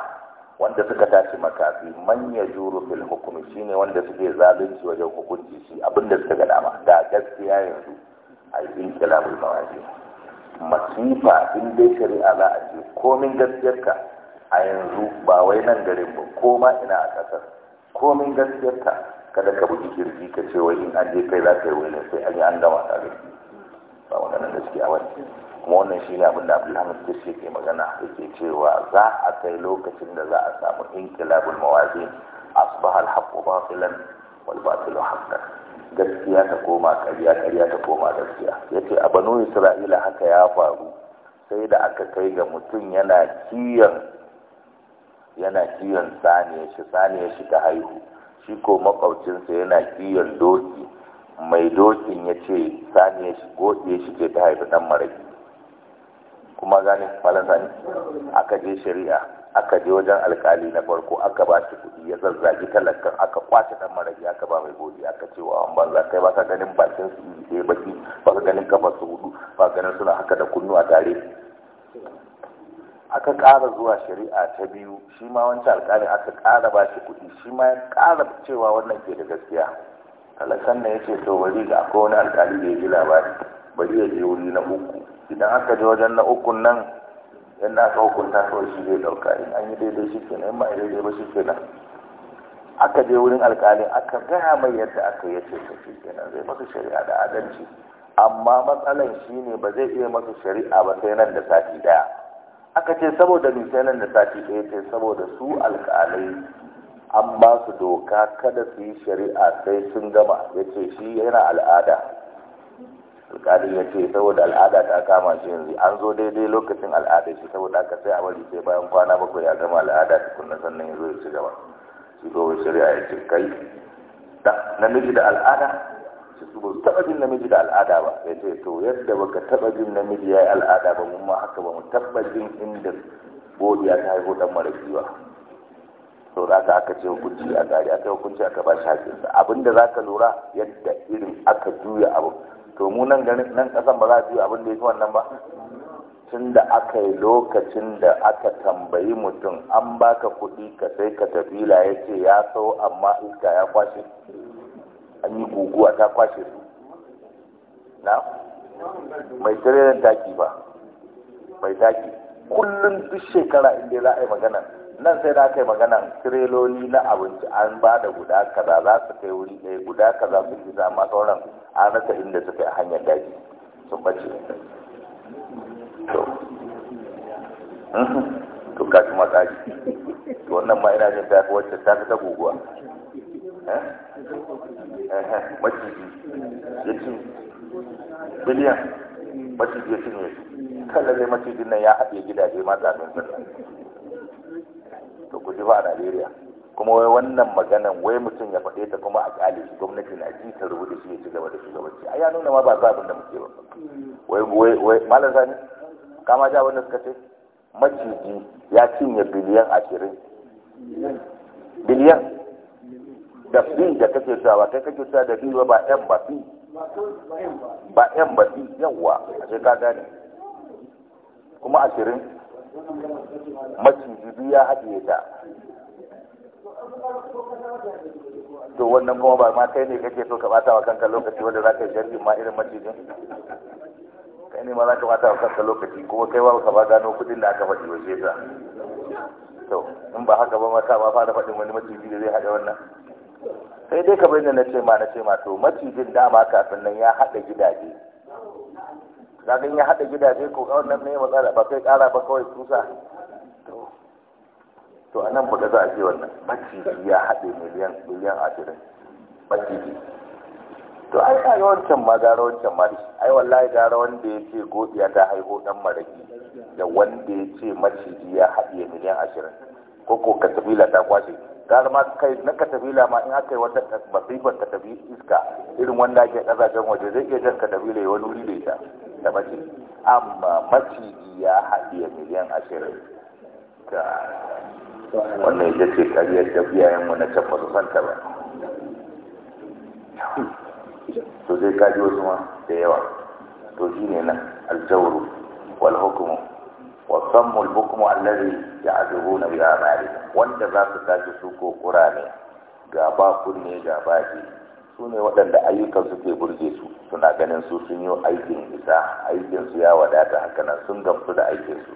wanda suka tashi makafi manya juru fil hukumi ne wanda suke zalunci wajen hukunci shi abinda suka ga dama ga gaskiya yanzu a yi inkilabul mawazi masifa in dai shari'a za a ce komin gaskiyarka a yanzu ba wai nan garin ba ko ina a ƙasar komin gaskiyarka kada ka bugi jirgi ka ce wai in an je kai za ka yi wani sai an yi an gama ta da ba maganar gaskiya ba kuma wannan shi ne abin da ta kirsi ke magana ke cewa za a kai lokacin da za a samu inkilabul mawazi asbaha al-haqqu batilan wal batilu haqqan gaskiya ta koma ƙarya ƙarya ta koma gaskiya yace a banu isra'ila haka ya faru sai da aka kai ga mutum yana kiyon yana kiyon saniya shi saniya shi ta haihu shi ko makwabcinsa yana kiyon doki mai dokin ya ce ya shi goɗe shi ce ta haifi ɗan maraki kuma gani falasa ne. aka je shari'a aka je wajen alkali na farko aka ba shi kuɗi ya zazzagi talakan aka kwace ɗan maraki aka ba mai godi aka ce wa an za kai ba ka ganin bakin su ɗaya ba ka ganin kafa su hudu ba ganin suna haka da kunnuwa tare aka ƙara zuwa shari'a ta biyu shi ma wancan alƙalin aka ƙara ba shi kuɗi shi ma ya ƙara cewa wannan ke da gaskiya talakan na ya ce to bari ga akwai wani alƙali da ya ji labari bari ya je wuri na uku idan aka je wajen na uku nan yan aka hukunta kawai shi zai ɗauka in an yi daidai shi kenan in ba a daidai ba shi kenan aka je wurin alƙalin aka gaya mai yadda aka yi ce shi kenan zai masa shari'a da adalci amma matsalan shine ba zai iya masa shari'a ba sai nan da sati ɗaya aka ce saboda misalin da sati ɗaya ce saboda su alƙalai an ba su doka kada su yi shari'a sai sun gama ya ce shi yana al'ada alƙalin ya ce saboda al'ada ta kama shi yanzu an zo daidai lokacin al'ada shi saboda aka sai a bari sai bayan kwana bakwai ya gama al'ada su kunna sannan ya zo ya ci gaba zo shari'a ya ce kai namiji da al'ada su ba su taɓa jin namiji da al'ada ba ya ce to yadda baka taɓa jin namiji ya yi al'ada ba mun ma haka ba mu taɓa jin inda godiya ta haihu dan mara ba to za ka aka ce hukunci a gari aka hukunci aka ba shi hakinsa abinda za ka lura yadda irin aka juya abu to mu nan ganin nan kasan ba za a juya abin da ya fi wannan ba tun da aka yi lokacin da aka tambayi mutum an baka kuɗi ka sai ka tafi ya ce ya so amma iska ya kwashe an yi guguwa ta kwashe su na mai tirelan taki ba mai daki. kullum duk shekara inda za a yi magana nan sai za a yi magana tireloli na abinci an ba da guda kaza za su kai wuri ɗaya guda kaza su fi zama sauran an rasa inda suka yi hanyar daji sun bace to kashi mhm. matsaji to wannan ma ina jin ta wacce ta fi ta guguwa maciji ya ci biliyan maciji ya cinye su kalla dai macijin nan ya haɗe gidaje ma zamin sannan to ku ji ba a Najeriya kuma wai wannan maganan wai mutum ya faɗe ta kuma a ƙyale shi gwamnati na ji ta rubuta shi ya ci gaba da shugabanci a ya nuna ma ba za abin da muke ba wai wai wai malam sani kama ja wanda suka ce maciji ya cinye biliyan ashirin biliyan da fi da kake sa ba kai kake sa da fi ba ba ɗan ba fi ba ɗan ba fi yawa a sai ka gane kuma ashirin maciji ya ya ta to wannan kuma ba ma kai ne kake so ka bata wa kanka lokaci wanda za ka yi sharhin ma irin macijin kai ne ma za ka bata wa kanka lokaci kuma kai ba ka ba gano kuɗin da aka faɗi waje ta to in ba haka ba ma ta ma fara faɗin wani maciji da zai haɗe wannan sai dai kamar yadda na ce ma na ce ma to macijin dama kafin nan ya haɗa gidaje zagin ya haɗa gidaje ko nan ne matsala ba kai ƙara ba kawai tusa to a nan buga za a ce wannan maciji ya haɗe miliyan miliyan ashirin maciji to ai ka ga wancan ma gara wancan ma da ai wallahi gara wanda ya ce godiya ta haihu dan maraki da wanda ya ce maciji ya haɗe miliyan ashirin ko ko ka kabila ta kwashe kaga ma kai na katabila ma in aka yi wata masifar katabi iska irin wanda ake kasashen waje zai iya jan katabila ya wani wuri da ita da mace amma maciji ya haɗiya miliyan ashirin ta wannan ita ce kariyar da biyayenmu na can ba su santa ba to zai kaji wasu ma da yawa to ne nan aljawaru wal hukumu وصم Wanda za su بآمالهم su ذاك تاجي سوكو قراني غابا كني غابا جي sune waɗanda ayyukan suke burge su suna ganin su sun yi aikin isa aikin su ya wadata haka nan sun gamsu da aikin su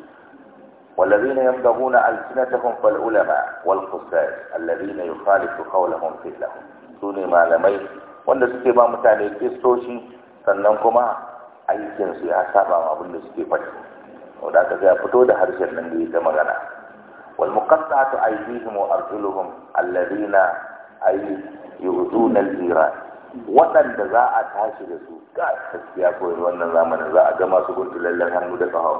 والذين يمضغون ألسنتهم فالعلماء والقساس الذين يخالف قولهم في لهم سوني malamai wanda suke ba mutane kistoshi sannan kuma aikinsu su ya saba abin da suke faɗi wadda aka zai fito da harshen nan da ya magana wal muqatta'atu aydihim wa arjuluhum alladhina ay yu'tuna al-jiran waɗanda za a tashi da su ga gaskiya ko wannan zamanin za a ga masu lallan hannu da kafa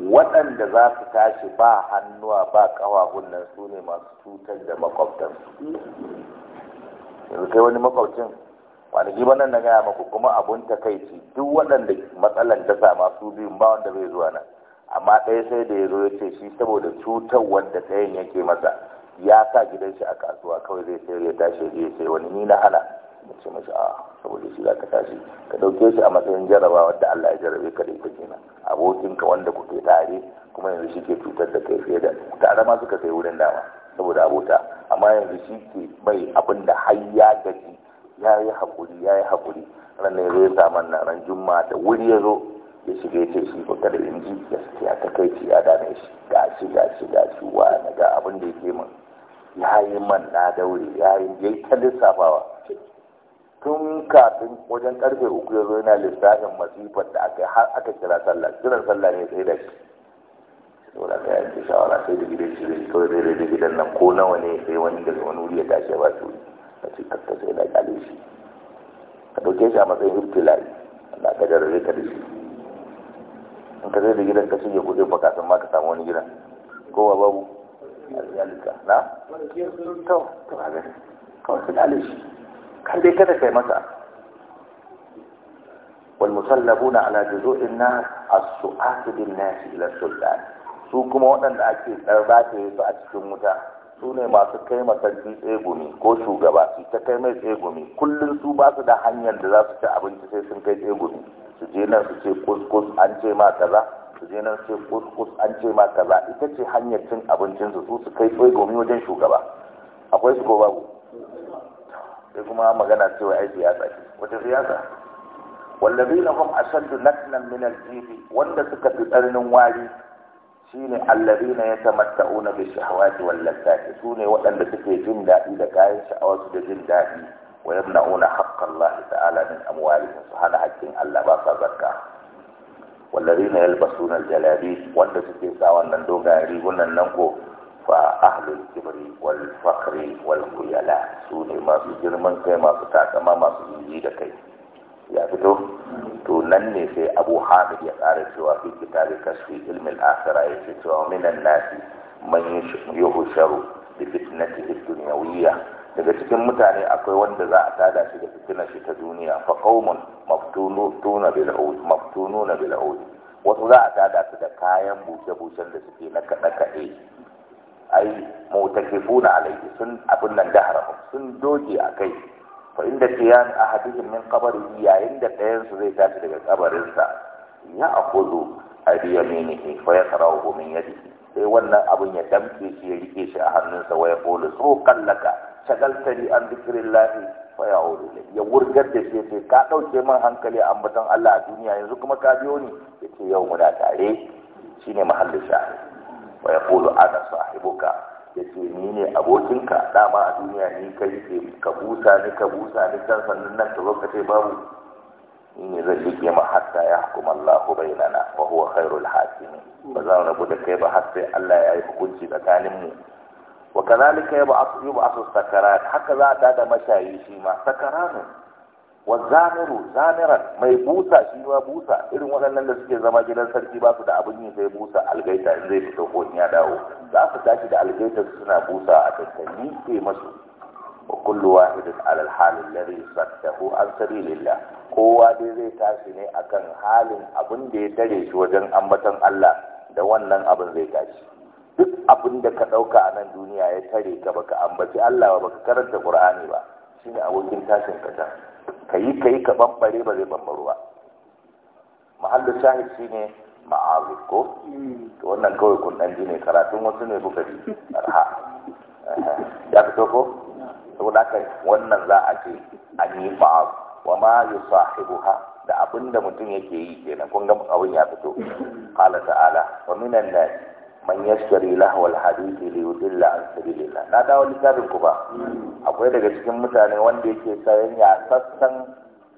waɗanda za su tashi ba hannuwa ba ƙawahun nan su masu cutar da makwabtansu yanzu wani makwabcin kwanaki ba nan na gaya maku kuma abun takaici duk waɗanda matsalan ta sama su biyun ba wanda bai zuwa nan amma ɗaya sai da ya zo ya ce shi saboda cutar wanda ɗayan yake masa ya sa gidan shi a kasuwa kawai zai sayar ya tashi ya sai wani ni na hana mu ce mashi a saboda shi za ka tashi ka ɗauke shi a matsayin jarabawa da Allah ya jarabe ka da ita kenan abokinka wanda kuke tare kuma yanzu shi ke cutar da kai fiye da tare ma suka sai wurin dama saboda abota amma yanzu shi ke mai abin da har ya gaji ya yi haƙuri ya yi haƙuri ran ne zai samun na ran juma da wuri ya zo ya shiga ya ce shi ba kada in ji gaskiya ta kai ci ya dame shi gashi gashi gashi wa na ga abin da yake min ya yi man na daure ya yi ya yi ta lissafawa tun kafin wajen karfe uku ya zo yana lissafin masifar da aka har aka kira sallah kiran sallah ne sai da shi saboda ka yanke shawara sai da gidan shi zai kawai zai da gidan nan ko nawa ne sai wani daga wani wuri ya tashi ba su. wuri ka sai da kyale shi ka dauke shi a matsayin ibtila'i Allah ka jarare ka da shi in ka zai da gidan ka shige kudin ba kasan ma ka samu wani gidan kowa babu alƙalika na to to a gani kawai ka kyale shi kan dai kada kai masa والمسلمون على جذوع الناس السؤال بالناس ila السلطان su kuma waɗanda ake ɗarɓa ta yi su a cikin wuta su ne masu kai masarki tsegumi ko shugaba su ta kai mai tsegumi kullum su ba su da hanyar da za su ci abinci sai sun kai tsegumi su je nan su ce kuskus an ce ma kaza su je nan su ce kuskus an ce ma kaza ita ce hanyar cin abincinsu su su kai tsegumi wajen shugaba akwai su ko babu sai kuma magana cewa ai siyasa ce wata siyasa na hum ashaddu naklan min al-jibi wanda suka fi tsarnin wari shine allazina yatamatta'una bi shahawati wal lazzati sune waɗanda suke jin daɗi da kayan sha'awarsu da jin daɗi wa yamna'una Allah ta'ala min amwalihim su hana haƙƙin Allah ba sa zakka والذين يلبسون الجلابيب wanda suke sa wannan dogayen rigunan nan ko fa ahlul kibri wal fakhri wal khuyala sune masu girman kai masu takama masu yi da kai ya fito to nan ne sai abu hamid ya ƙara cewa fi kitabi kasfi ilmin asara ya ce cewa minan nasi man yuhsharu bi fitnatihi dunyawiyya daga cikin mutane akwai wanda za a tada shi da fitinar shi ta duniya fa qaumun maftununa bil maftununa bil wasu za a tada su da kayan bushe-bushen da suke na kaɗe-kaɗe ai mutakifuna alaihi sun abin nan haramun sun doge a kai fa inda tiyan ahadihim min qabri yayin da ɗayan su zai tashi daga kabarinsa ya aqulu abi yaminihi fa yaqra'uhu min yadihi sai wannan abun ya damke shi ya rike shi a hannunsa wa yaqulu so kallaka shagaltari an dhikrillahi fa ya'udu ya wurgar da shi sai ka dauke min hankali a ambaton Allah a duniya yanzu kuma ka biyo ni yace yau muna tare shine mahallin shahid wa yaqulu ana sahibuka ya ce ni ne abokinka dama a duniya ni kai rike ka busa ni ka busa ni kan sannan nan ka zo ka ce babu ni ne zan rike ma hatta ya hukuma Allahu bainana wa huwa khairul hakim ba za mu rabu da kai ba har sai Allah ya yi hukunci tsakanin mu wa kadhalika yub'athu yub'athu sakarat haka za ta da mashayi shi ma sakaratun wa zamiru zamiran mai busa shi ma busa irin waɗannan da suke zama gidan sarki ba su da abin yi sai busa algaita in zai fito ko in ya dawo za su tashi da algaitar suna busa a tattali ke masu wa kullu wahidin alal halin lari saddahu an lilla. kowa dai zai tashi ne akan halin abin da ya tare shi wajen ambaton Allah da wannan abin zai tashi duk abin da ka ɗauka a nan duniya ya tare ka baka ambaci Allah ba baka karanta Qur'ani ba shine abokin tashin ka ka yi ka yi ka bambare ba zai bambaru ba mahallin shahid shi ne ma'azif ko to wannan kawai kundan ji ne karatun wasu ne buka ji arha ya fito ko saboda haka wannan za a ce an yi ma'azif wa ma ha da abinda mutum yake yi kenan kun ga abin ya fito kala ta'ala wa minan nas man yashtari lahwal hadisi li yudilla an sabilillah na dawo littafin ku ba akwai daga cikin mutane wanda yake sayan ya sassan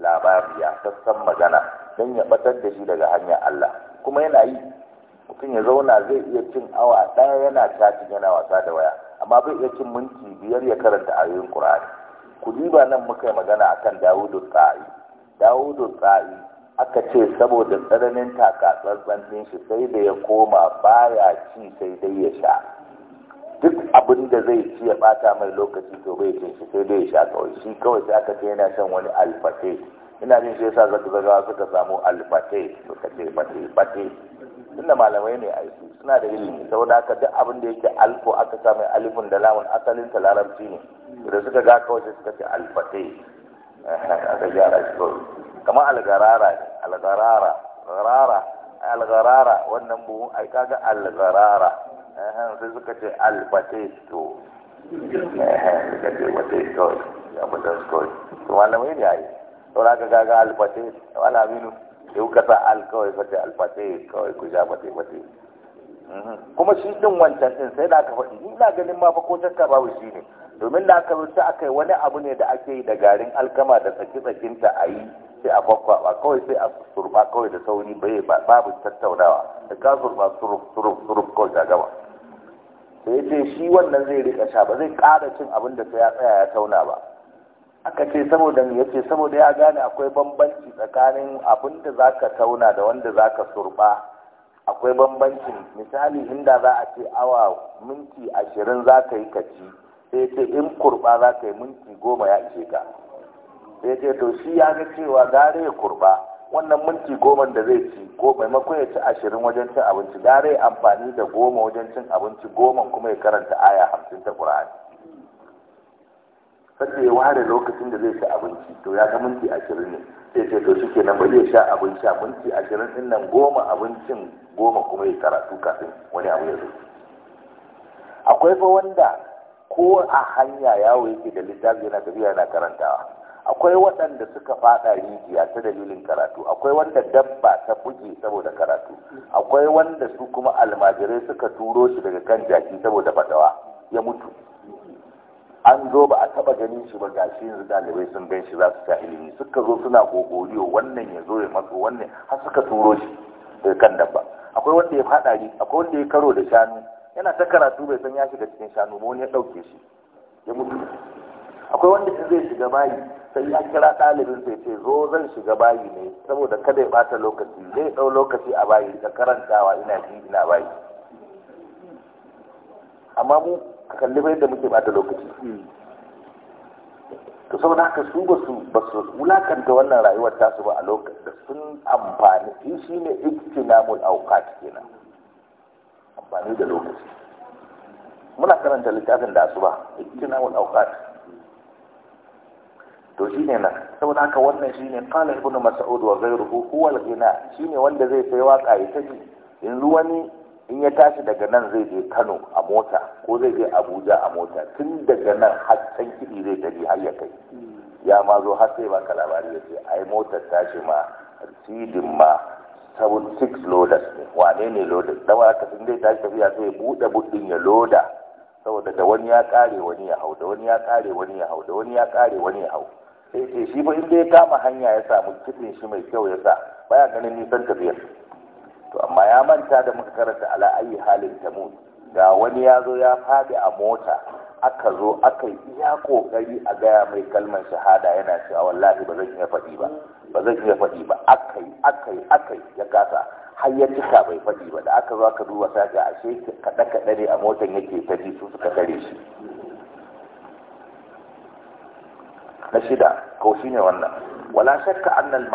labari ya sassan magana dan ya batar da shi daga hanyar Allah kuma yana yi mutum ya zauna zai iya cin awa ɗaya yana cacin yana wasa da waya amma bai iya cin minti biyar ya karanta ayoyin Qur'ani ku diba nan muka yi magana akan Dawudu Tsa'i Dawudu Tsa'i aka ce saboda tsananin takatsantsan din shi sai da ya koma baya ci sai dai ya sha duk abin da zai ci ya bata mai lokaci to bai cin shi sai dai ya sha kawai shi kawai sai aka ce yana shan wani alfate ina jin shi yasa zaka zaga suka samu alfate ka ce fate fate tunda malamai ne aiki suna da ilimi saboda haka duk abin da yake alko aka sa mai alifin da lamun asalin ta larabci ne da suka ga kawai suka ce alfate aka gyara shi kawai kamar algarara ne algarara garara algarara wannan buhun ai kaga algarara sai suka ce albatesto suka ce batesto ya batesto to malamai ne ai to ga kaga albatesto binu sai kuka sa al kawai fate alfate kawai ku ja fate fate kuma shi din wancan din sai da aka faɗi ni na ganin ma fa ko takka babu shi ne domin da aka rubuta akai wani abu ne da ake yi da garin alkama da tsaki tsakinta a yi sai a kwakwa ba, kawai sai a surba kawai da sauri bai babu tattaunawa da ka surba suruf suruf suruf kawai ta gaba sai ce shi wannan zai rika sha ba zai ƙara cin abin da ya tsaya ya tauna ba aka ce saboda ya ce saboda ya gane akwai bambanci tsakanin abin da za ka tauna da wanda za ka surba akwai bambancin misali inda za a ce awa minti ashirin za ka yi kaci sai ce in kurba za ka yi minti goma ya ishe ka sai ce to shi ya ga cewa gare ya kurba wannan minti goma da zai ci ko maimakon ya ci ashirin wajen cin abinci gare ya amfani da goma wajen cin abinci goma kuma ya karanta aya hamsin ta ƙur'ani sai ya ware lokacin da zai ci abinci to ya ga minti ashirin ne sai ce to shike nan ba zai sha abinci a minti ashirin din nan goma abincin goma kuma ya karatu kafin wani abu ya zo akwai fa wanda ko a hanya yawo yake da littafi yana tafiya yana karantawa akwai waɗanda suka faɗa rijiya ta dalilin karatu akwai wanda dabba ta buge saboda karatu akwai wanda su kuma almajirai suka turo shi daga kan jaki saboda fadawa ya mutu an zo ba a taba ganin shi ba ga shi yanzu dalibai sun gan shi za su sha ilimi suka zo suna gogoriyo wannan ya zo ya matso wannan har suka turo shi daga kan dabba akwai wanda ya faɗa ri akwai wanda ya karo da shanu yana ta karatu bai san ya shiga cikin shanu ba wani ya ɗauke shi ya mutu akwai wanda in zai shiga bayi sai ya kira ɗalibin sai ce zo zan shiga bayi ne saboda kada ya bata lokaci zai ɗau lokaci a bayi da karantawa ina ji ina bayi amma mu ka kalli bai da muke bata lokaci to saboda haka su ba su ba su wulakanta wannan rayuwar su ba a lokacin da sun amfani shi shine ijtinamul awqat kenan amfani da lokaci muna karanta littafin da asuba ijtinamul awqat to ne nan saboda haka wannan shine qala ibnu mas'ud wa ghayruhu huwa al-ghina shine wanda zai sai waka ya In yanzu wani in ya tashi daga nan zai je Kano a mota ko zai je Abuja a mota tun daga nan har can kidi zai tafi har ya kai ya ma zo har sai baka labari ya ce ai motar tashi ma sidin ma sabon six loaders ne wane ne loaders da wata sun zai tashi tafiya sai ya buɗe buɗin ya loda saboda da wani ya kare wani ya hau da wani ya kare wani ya hau da wani ya kare wani ya hau sai eh, shi ba inda ya kama hanya ya samu kitsin shi mai kyau ya sa baya ganin nisan tafiyar to amma ya manta da muka karanta ala ayi halin mu ga wani ya zo ya fadi a mota aka zo aka yi iya kokari a gaya mai kalmar shahada yana cewa wallahi ba zan iya faɗi ba ba zan iya faɗi ba akai akai akai ya kasa har ya cika bai faɗi ba da aka zo aka duba ga ashe kaɗe kaɗe ne a motan yake ta ji su suka tare shi na shida ko shine wannan wala shakka anna al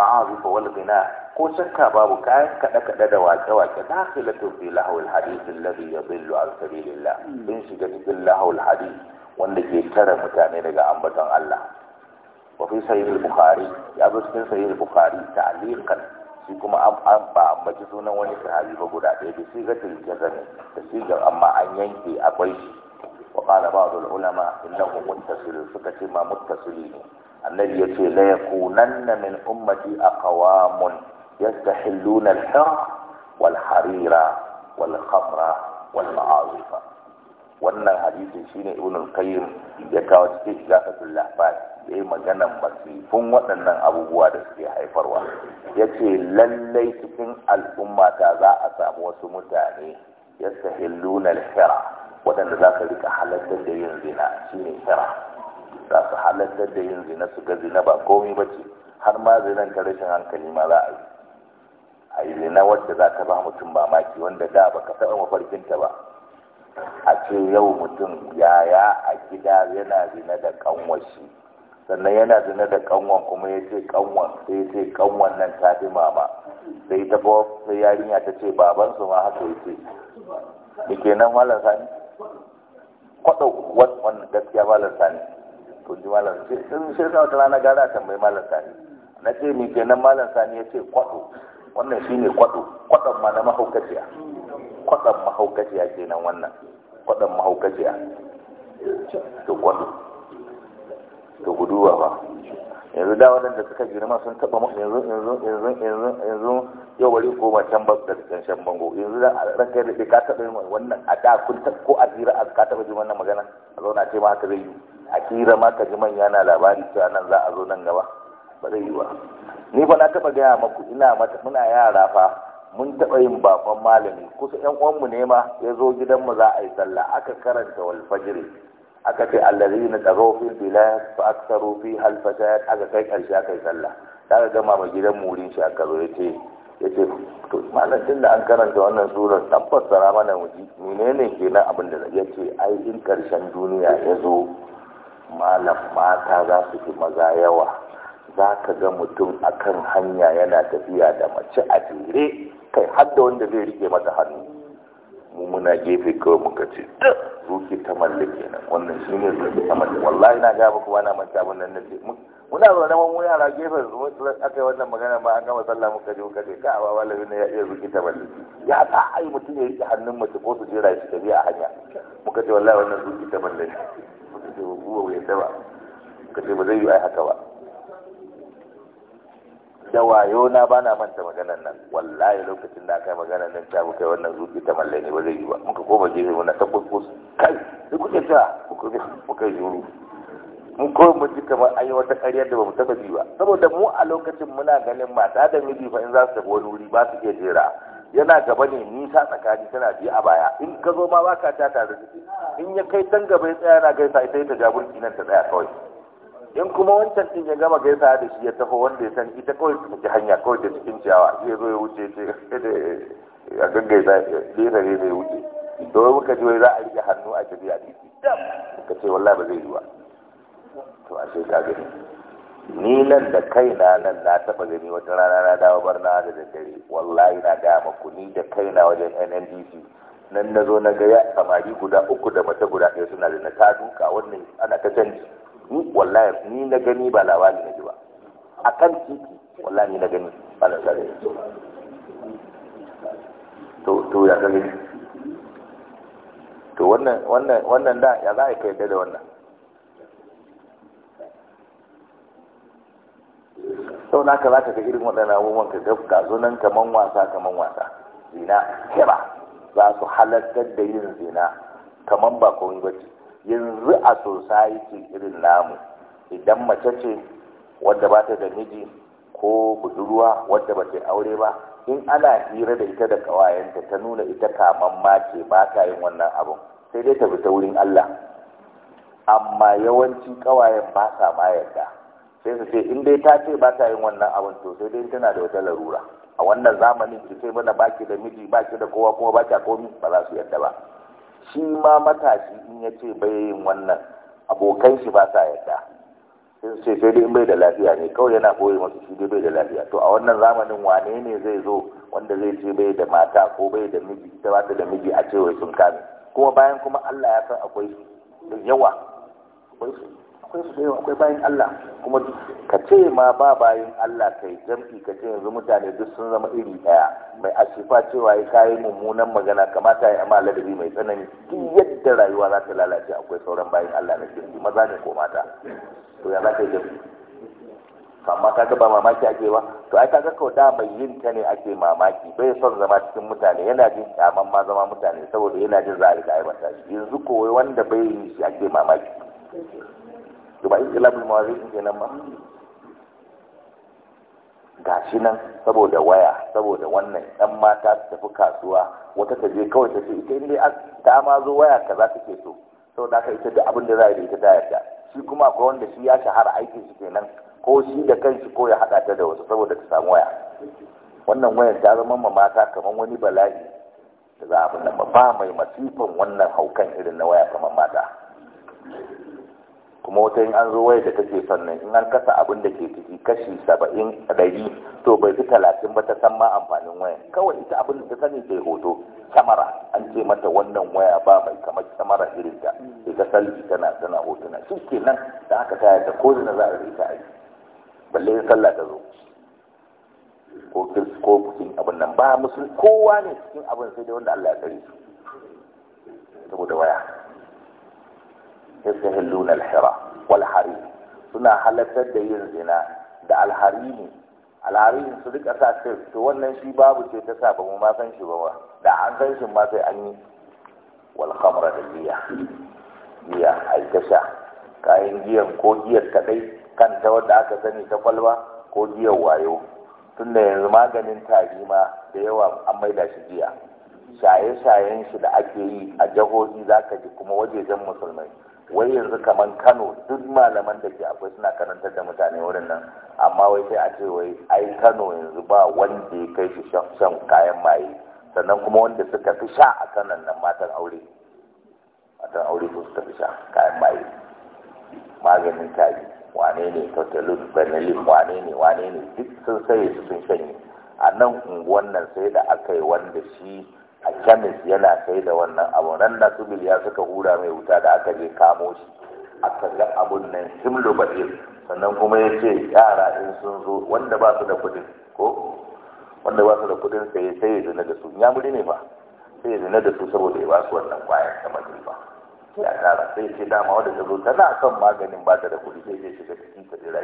wal ghina ko shakka babu kayan kada kada da waƙe waƙe dakhilatu fi lahwil hadith alladhi yadhillu an sabilillah bin shiga cikin lahwil hadith wanda ke tare mutane daga ambaton Allah wa fi sahih al bukhari ya bi cikin sahih al bukhari ta'liqan shi kuma an ba ambaci sunan wani sahabi ba guda ɗaya da sigatul jazami da sigar amma an yanke akwai shi وقال بعض العلماء إنه متصل فكتي ما متصلين النبي يقول لا يكونن من أمتي أقوام يستحلون الحر والحرير والخمر والمعازف wannan hadisin shine ibn al-qayyim ya kawo cikin ilafatul lahfat yayi maganan masifin waɗannan abubuwa da suke haifarwa yace lallai cikin al'umma ta za a samu wasu mutane yastahilluna al-hira waɗanda za ka rika halattar da yin zina shi ne shara za su halattar da yin zina su ga zina ba komai ba ce har ma zinan ta rashin hankali ma za a yi a yi zina wadda za ta ba mutum mamaki wanda da ba ka taɓa mafarkinta ba a ce yau mutum yaya a gida yana zina da kanwashi sannan yana zina da kanwan kuma ya ce kanwan sai ce kanwan nan ta fi mama sai ta fi yarinya ta ce babansu ma haka ya ce nan ne? kwaɗau wannan gaskiya malar sani to ji malar sani sai sa wata rana gara tambayi malar sani na ce ni kenan malar sani ya ce kwaɗo wannan shi ne kwaɗo kwaɗon ma na mahaukaciya kwaɗon mahaukaciya kenan wannan kwaɗon mahaukaciya to kwaɗo to guduwa ba yanzu da waɗanda suka girma sun taɓa mu yanzu yanzu yanzu yanzu yanzu yau bari ko ba can ba da can bango yanzu da ranka da ka taɓa yi wannan a da kun taɓa ko a jira a ka taɓa ji wannan magana a zauna ce ma haka zai yi a kira ma ka ji manya na labari cewa nan za a zo nan gaba ba zai yi ba ni fa na taɓa gaya maku ina mata muna yara fa mun taɓa yin bakon malami kusa ƴan uwanmu ne ma ya zo gidanmu za a yi sallah aka karanta walfajiri. aka ce na tsaro fil bilad fa aktharu fi hal fasad aka kai karshe aka yi sallah daga gama mai gidan murin shi aka zo ya ce to malam din da an karanta wannan surar sara mana muji menene kenan abin da yace ai in karshen duniya ya zo malam mata za su fi maza yawa za ka ga mutum akan hanya yana tafiya da mace a jere kai har da wanda zai rike mata hannu mu muna gefe kawai muka ce eh, ruki ta mallake nan wannan shi ne ruki ta mallake wallahi na gaba kuma na manta abin nan nace muna zaune mun mu yara gefen su aka yi wannan magana ba an gama sallah muka je muka ce ka ba wallahi ne ya iya ruki ta mallake ya ta ai mutum ya yi hannun mace ko su jira shi ta biya a hanya muka ce wallahi wannan ruki ta mallake muka ce ba ya ta ba muka ce ba zai yi ai haka ba da wayo na ba na manta maganar nan wallahi lokacin da aka yi maganar nan ta muka wannan zuki ta mallai ne ba zai yi ba muka koma gefe wannan ta kuskus kai duk kuke ta muka yi zuru mun ko mu ji kamar an yi wata ƙarya da bamu taba ji ba saboda mu a lokacin muna ganin mata da miji fa in za su tafi wani wuri ba su iya jera yana gaba ne nisa tsakani tana biyu a baya in ka zo ma ba ka ta tare in ya kai can gaba ya tsaya na gaisa ita ta jaburki nan ta tsaya kawai in kuma wancan din ya gama gaisa da shi ya taho wanda ya san ita kawai ta tafi hanya kawai ta cikin ciyawa ya zo ya wuce ce a gaggaisa lera ne zai wuce to wai muka ji wai za a rike hannu a tafiya titi muka ce wallahi ba zai yi ba to ashe ka gani ni nan da kaina nan na taba gani wata rana na dawo barna da daddare wallahi na ga maku ni da kaina wajen NNDC nan na zo na ga ya samari guda uku da mata guda ɗaya suna da na ta duka wannan ana ta canji ni wallahi ni na gani ba labari na ji ba a kan titi wallahi ni na gani ba na tsare to to ya gani to wannan wannan wannan da ya za a kai da wannan sau na ka za ka ga irin waɗannan abubuwan ka ga zo nan kaman wasa kaman wasa zina kira za su halartar da yin zina kaman ba komai ba ce yanzu a society irin namu idan mace ce wadda ba ta da miji ko budurwa wadda ba ta aure ba in ana hira da ita da kawayenta ta nuna ita kaman mace ba ta yin wannan abun sai dai ta ta wurin Allah amma yawanci kawayen ba sa ma yarda sai su ce in dai ta ce ba ta yin wannan abun to sai dai tana da wata larura a wannan zamanin ki ce mana baki da miji baki da kowa kuma baki a komi ba za su yarda ba shi ma matashi in ya ce bai yin wannan abokan shi ba sa yadda sun ce sai dai in bai da lafiya ne kawai yana koyi masu shi dai bai da lafiya to a wannan zamanin wane ne zai zo wanda zai ce bai da mata ko bai da miji ita ba ta da miji a cewa sun kame kuma bayan kuma Allah ya san akwai yawa akwai su akwai bayan Allah kuma ka ce ma ba bayan Allah kai jam'i ka ce yanzu mutane duk sun zama iri daya mai asifa cewa ya kayi mummunan magana kamata ya amma ladabi mai tsanani duk yadda rayuwa za ta lalace akwai sauran bayan Allah na kirki maza ne ko mata to ya za ka yi jam'i amma kaga ba mamaki ake ba to ai kaga kawai da mai yin ta ne ake mamaki bai son zama cikin mutane yana jin kyaman ma zama mutane saboda yana jin za a riga aibata shi yanzu kowai wanda bai yi shi ake mamaki to ba ikhtilaful kenan ma gashi nan saboda waya saboda wannan ɗan mata su tafi kasuwa wata ta je kawai ta ce ita inda ta ma zo waya kaza ke so saboda haka ita da abin da za a yi ita ta yarda shi kuma akwai wanda shi ya shahara aikin shi kenan ko shi da kanshi ko ya haɗa ta da wasu saboda ta samu waya wannan wayar ta zama ma mata kamar wani bala'i da za a nan ba mai masifan wannan haukan irin na waya kamar mata kuma wata in an zo waya da take sannan in an kasa abin da ke ciki kashi saba'in ɗari to bai fi talatin ba ta san ma amfanin waya kawai ita abin da ta sani ke hoto kamara an ce mata wannan waya ba mai kamar kamara irin ta ita salji tana tana hotuna shi ke nan da aka tayar da ko zina za a rika a yi balle in sallah ta zo ko ko bukin abin nan ba musu kowa ne cikin abin sai dai wanda Allah ya tsare su saboda waya yastahilluna al-hira walhari suna halartar da yin zina da alhari ne su rika sa sir to wannan shi babu ce ta sa ba mu ma san shi ba ba da an san shi ma sai an yi wal khamra da giya giya ai ta sha kayan giyan ko giyar kadai ta wanda aka sani ta kwalba ko giyar wayo tunda yanzu maganin tari ma da yawa an maida shi giya shaye-shayen shi da ake yi a jihohi ka ji kuma wajejen musulmai wai yanzu kamar kano duk malaman da ke akwai suna karantar da mutane wurin nan amma wai sai a ce wai ai kano yanzu ba wanda ya kai shi shan kayan maye sannan kuma wanda suka fi sha a kanan nan matan aure matan aure ko suka fi sha kayan maye maganin tari wane ne totalin benelin wane ne wane ne duk sun sai su sun shanye a nan unguwan nan sai da aka yi wanda shi a kemis yana sai da wannan abu nan na su ya suka hura mai wuta da aka je kamo shi a ga abun nan simlo baɗe sannan kuma ya ce yara in sun zo wanda ba su da kuɗin ko wanda ba su da kuɗin sai sai ya zina da su ya muri ne ba sai ya zina da su saboda ya ba su wannan kwayar ta ba. ya tara sai ce dama wanda ta zo tana son maganin ba ta da kuɗi sai ya shiga cikin ta jira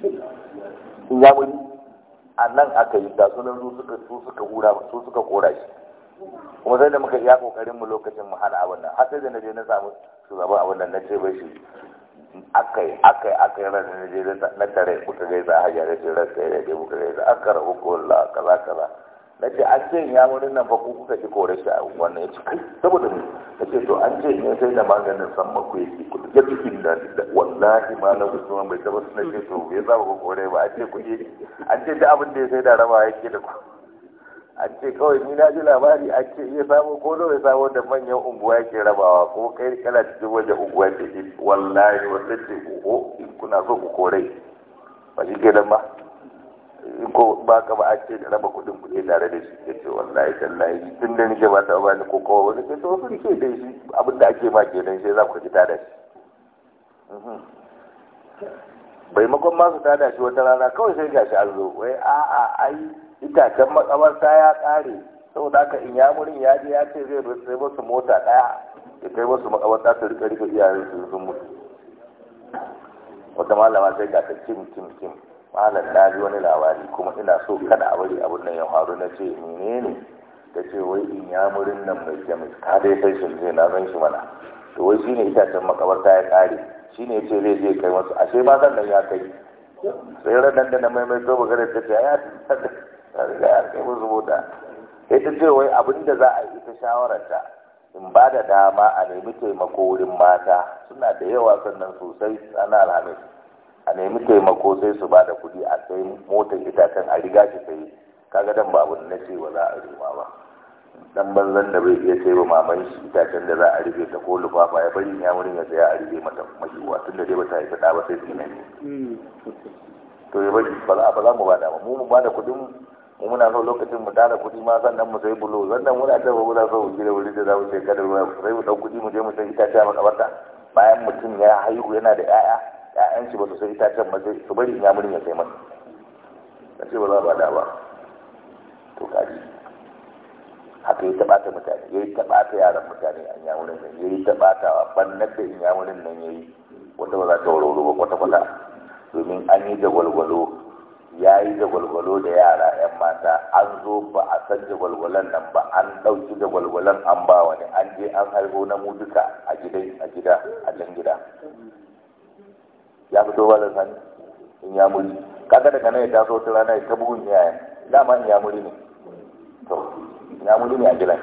shi ya muri a nan aka yi ta sunan su suka su suka hura su suka kora shi kuma sai da muka iya kokarin mu lokacin mu hana abin nan har sai da na je na samu zaba abin nan na ce bai shi yi aka yi ran na je na tare kuka gaisa hajjar da ce ranar da ya muka gaisa aka rabu ko kaza kaza na ce an ce ya wani nan fa ku kuka ji kore shi a wannan ya ci kai saboda ne na ce to an ce ne sai da maganin san mako ya ke kudu ya cikin da wallahi ma na musulman bai taba suna ce to ya zaba ku kore ba an ce ku je an ce da abin da ya sai da raba ya ke da ku an ce kawai ni na ji labari an ce ya samu ko zai samu da manyan unguwa ke rabawa ko kai kana cikin wajen unguwa ke wallahi wata ce ko kuna so ku kore ba shi ke ba ko ba ka ba a ce da raba kuɗin kuɗi tare da shi ke ce wallahi tallahi tun da nake ba ta ba ni ko kowa wani ke to sun ke dai shi abin da ake ma kenan sai za ku ji tada shi bai makon ma su tada shi wata rana kawai sai gashi an zo wai a'a ai itacen makabarta ya ƙare saboda haka in ya murin ya je ya ce zai sai musu mota ɗaya ya kai musu makabarta su rika rika iyayen su sun mutu wata malama sai ga ta kim kim kim malam na ji wani labari kuma ina so kada a bari abin nan ya faru na ce menene ta ce wai in ya murin nan mai jami ta dai sai shi zai na san shi mana to wai shine itacen makabarta ya kare shine ya ce zai je kai wasu ashe ba san nan ya kai sai nan da na maimaito magana ta ce ya ta riga ya kai musu da ita ce wai abin da za a yi ita shawararta in ba da dama a nemi taimako wurin mata suna da yawa sannan sosai sana alhamis a nemi taimako sai su bada kuɗi a sai motar itacen a riga shi sai kaga dan babu na ce wa za a rima ba dan banzan da bai iya sai ba maman shi itacen da za a rige ta ko lufafa ya bari ya wurin ya sai a rige mata mashiwa tun da dai ba ta haifa da ba sai su ne hmm. to ya bari ba za mu bada ba mu mu bada kuɗin mu muna so lokacin mu tara kuɗi ma sannan mu sai bulo sannan muna da ba muna so mu gida wuri da za mu sai kadar ruwa sai mu ɗau kuɗi mu je mu sai itace a makabarta bayan mutum ya haihu yana da 'ya'ya ƴaƴan shi ba su sai itacen ba zai su bari ya murya kai masa ka ce ba za ba da ba to kaji haka ya taɓa ta mutane ya yi taɓa ta yaran mutane a yamurin nan ya yi taɓa ta wa ɓannar da yamurin nan ya yi wanda ba za ta warwaro ba kwata-kwata domin an yi gwalgwalo ya yi gwalgwalo da yara 'yan mata an zo ba a san jagwalgwalon nan ba an ɗauki jagwalgwalon an ba wani an je an haihu na mu duka a gida a gida a can gida ya fito ba da sani in ya muri kaga daga nan ya taso ta rana ya tabu bugun iyayen dama in ya muri ne to in ya muri ne a gidan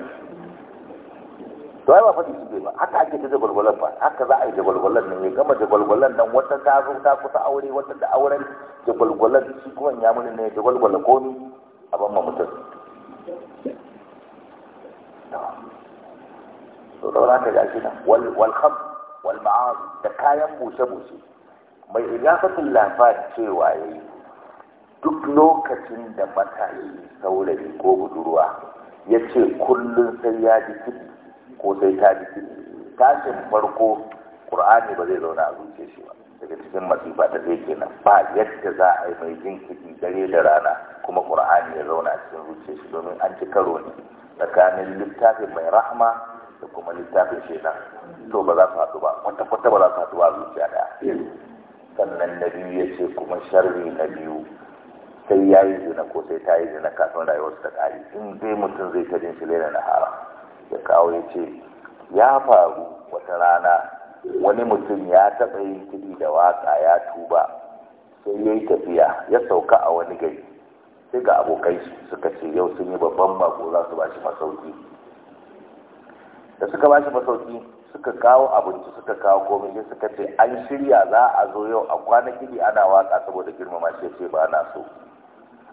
to ai ba faɗi su ba haka ake ta jagwalgwalan ba haka za a yi jagwalgwalan nan ya gama jagwalgwalan nan wata ta zo ta kusa aure wata da auren jagwalgwalan shi kuma in ya muri ne ya jagwalgwala komi a ban ma mutum to da wani haka ga shi nan wal khab wal ma'az da kayan bushe-bushe mai ilafatin labar cewa ya yi duk lokacin da matashi saurari ko budurwa ya ce kullum sai ya ji ko sai ta ji tashin farko ƙur'ani ba zai zauna a zuciya shi ba daga cikin masifa ta zai kenan ba yadda za a yi mai jin kiɗi dare da rana kuma ƙur'ani ya zauna a cikin zuciya shi domin an ci karo ne tsakanin littafin mai rahama da kuma littafin shenan to ba za su haɗu ba kwata-kwata ba za su haɗu ba a zuciya ɗaya sannan na biyu ya ce kuma sharri na biyu sai ya yi zina ko sai ta yi zina kafin rayuwarsa ta ƙari in dai mutum zai ta dinsu lera na hara ya kawo ya ce ya faru wata rana wani mutum ya taɓa yin kiɗi da waƙa ya tuba sai ya yi tafiya ya sauka a wani gari sai ga abokai suka ce yau sun yi babban mako za su ba shi masauki da suka ba shi masauki suka kawo abinci suka kawo komai sai suka ce an shirya za a zo yau a kwanaki ne ana waka saboda girmama shi ce ba na so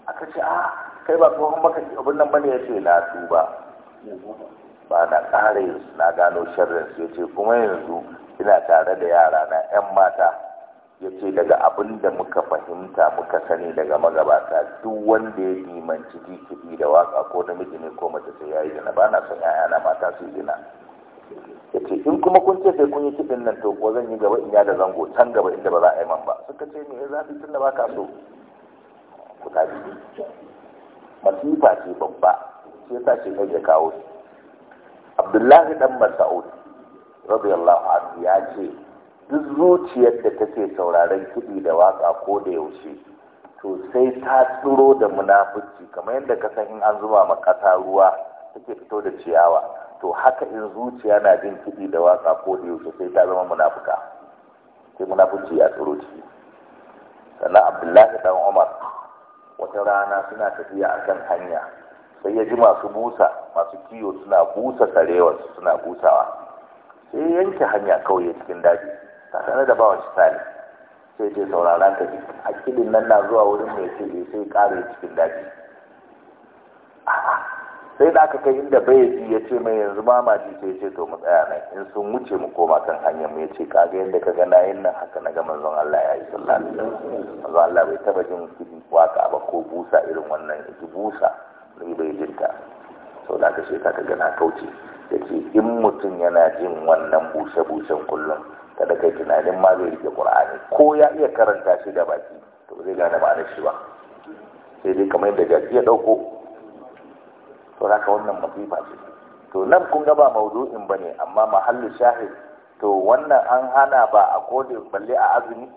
aka ce a ah, kai ba tsohon baka abin nan bane ya ce na tuba ba na kare na gano sharrin su ya ce kuma yanzu ina tare da yara na 'yan mata ya ce daga abin da muka fahimta muka sani daga magabata duk wanda ya nimanci jikiri da waka ko namiji ne ko mace sai ya yi ba na son 'ya'yana mata su yi ya ce in kuma kun ce sai kun yi kiɗin nan to ko zan yi gaba in ya da zango can gaba inda ba za a yi man ba suka ce me za su tunda ba ka so ku tafi masifa ce babba sai ta ce kai ya kawo shi abdullahi dan mas'ud radiyallahu anhu ya ce duk zuciyar da take sauraron kiɗi da waka ko da yaushe to sai ta tsiro da munafurci, kamar yadda ka san in an zuma ma ƙasa ruwa take fito da ciyawa to haka in zuciya na jin kiɗi da waka ko da yaushe sai ta zama munafuka sai munafuci ya tsoro ciki sannan abdullahi dan umar wata rana suna tafiya a kan hanya sai ya ji masu busa masu kiyo suna busa sarewar suna busawa sai yanke hanya kawai cikin daji ta tare da bawan sitali sai ce sauraron ta ji hakilin nan na zuwa wurin mai ce sai kare cikin daji sai da aka kai inda bai ya ce mai yanzu ba ma sai ce to mu tsaya nan in sun wuce mu koma kan hanyar mu ya ce kaga yadda ka ga yin nan haka na ga manzon Allah ya yi sallallahu alaihi wasallam Allah bai taba jin kudi waka ba ko busa irin wannan iki busa ni bai jinta sau da aka ce ka gana kauce ya ce in mutum yana jin wannan busa-busan kullum kada kai tunanin ma zai rike qur'ani ko ya iya karanta shi da baki to zai gane ma'anar shi ba sai dai kamar yadda jaki ya dauko to zaka wannan masifa ce to nan kun ga ba maudu'in bane amma mahallu shahid to wannan an hana ba a kodin balle a azumi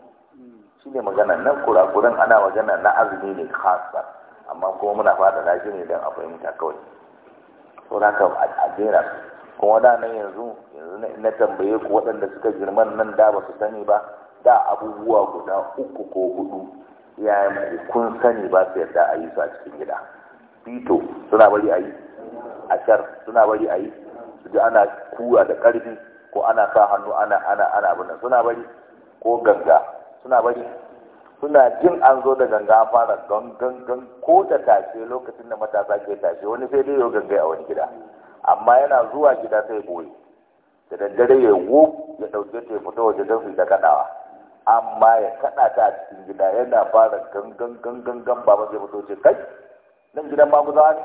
shine magana nan kurakuran ana magana na azumi ne khasa amma kuma muna fada na shi ne dan a fahimta kawai to zaka a jera kuma da nan yanzu yanzu na tambaye ku waɗanda suka girman nan da ba su sani ba da abubuwa guda uku ko hudu yayin kun sani ba su yadda a yi su a cikin gida fito suna bari a yi ashar suna bari a yi su ji ana kura da ƙarfi ko ana sa hannu ana ana ana abin nan suna bari ko ganga suna bari suna jin an zo da ganga fara gangan ko da tashe lokacin da matasa ke tashe wani sai dai yau ganga a wani gida amma yana zuwa gida sai boye da daddare ya wu ya dauke ta ya fita waje don su da kaɗawa amma ya kada ta a cikin gida yana fara gangan gangan ba ba zai fito ce kai nan gidan guza ne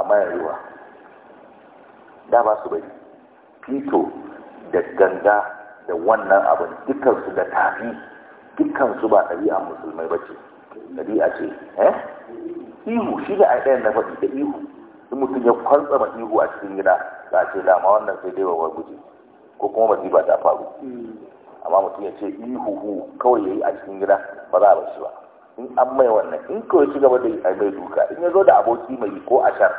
amma yanzu yiwa. da ba su bari fito da ganga da wannan abin dukansu da tafi dukansu ba ɗabi'a musulmai ba ce ɗabi'a ce eh ihu shi da ɗayan na faɗi da ihu in mutum ya ma ihu a cikin gida za a ce lama wannan sai dai wawar guji ko kuma ba ba ta faru hmm. amma mutum ya ce ihu hu kawai ya yi a cikin gida ba za a bar shi ba in an mai wannan in kawai ci gaba da yi mai duka in ya zo da aboki mai ko ashar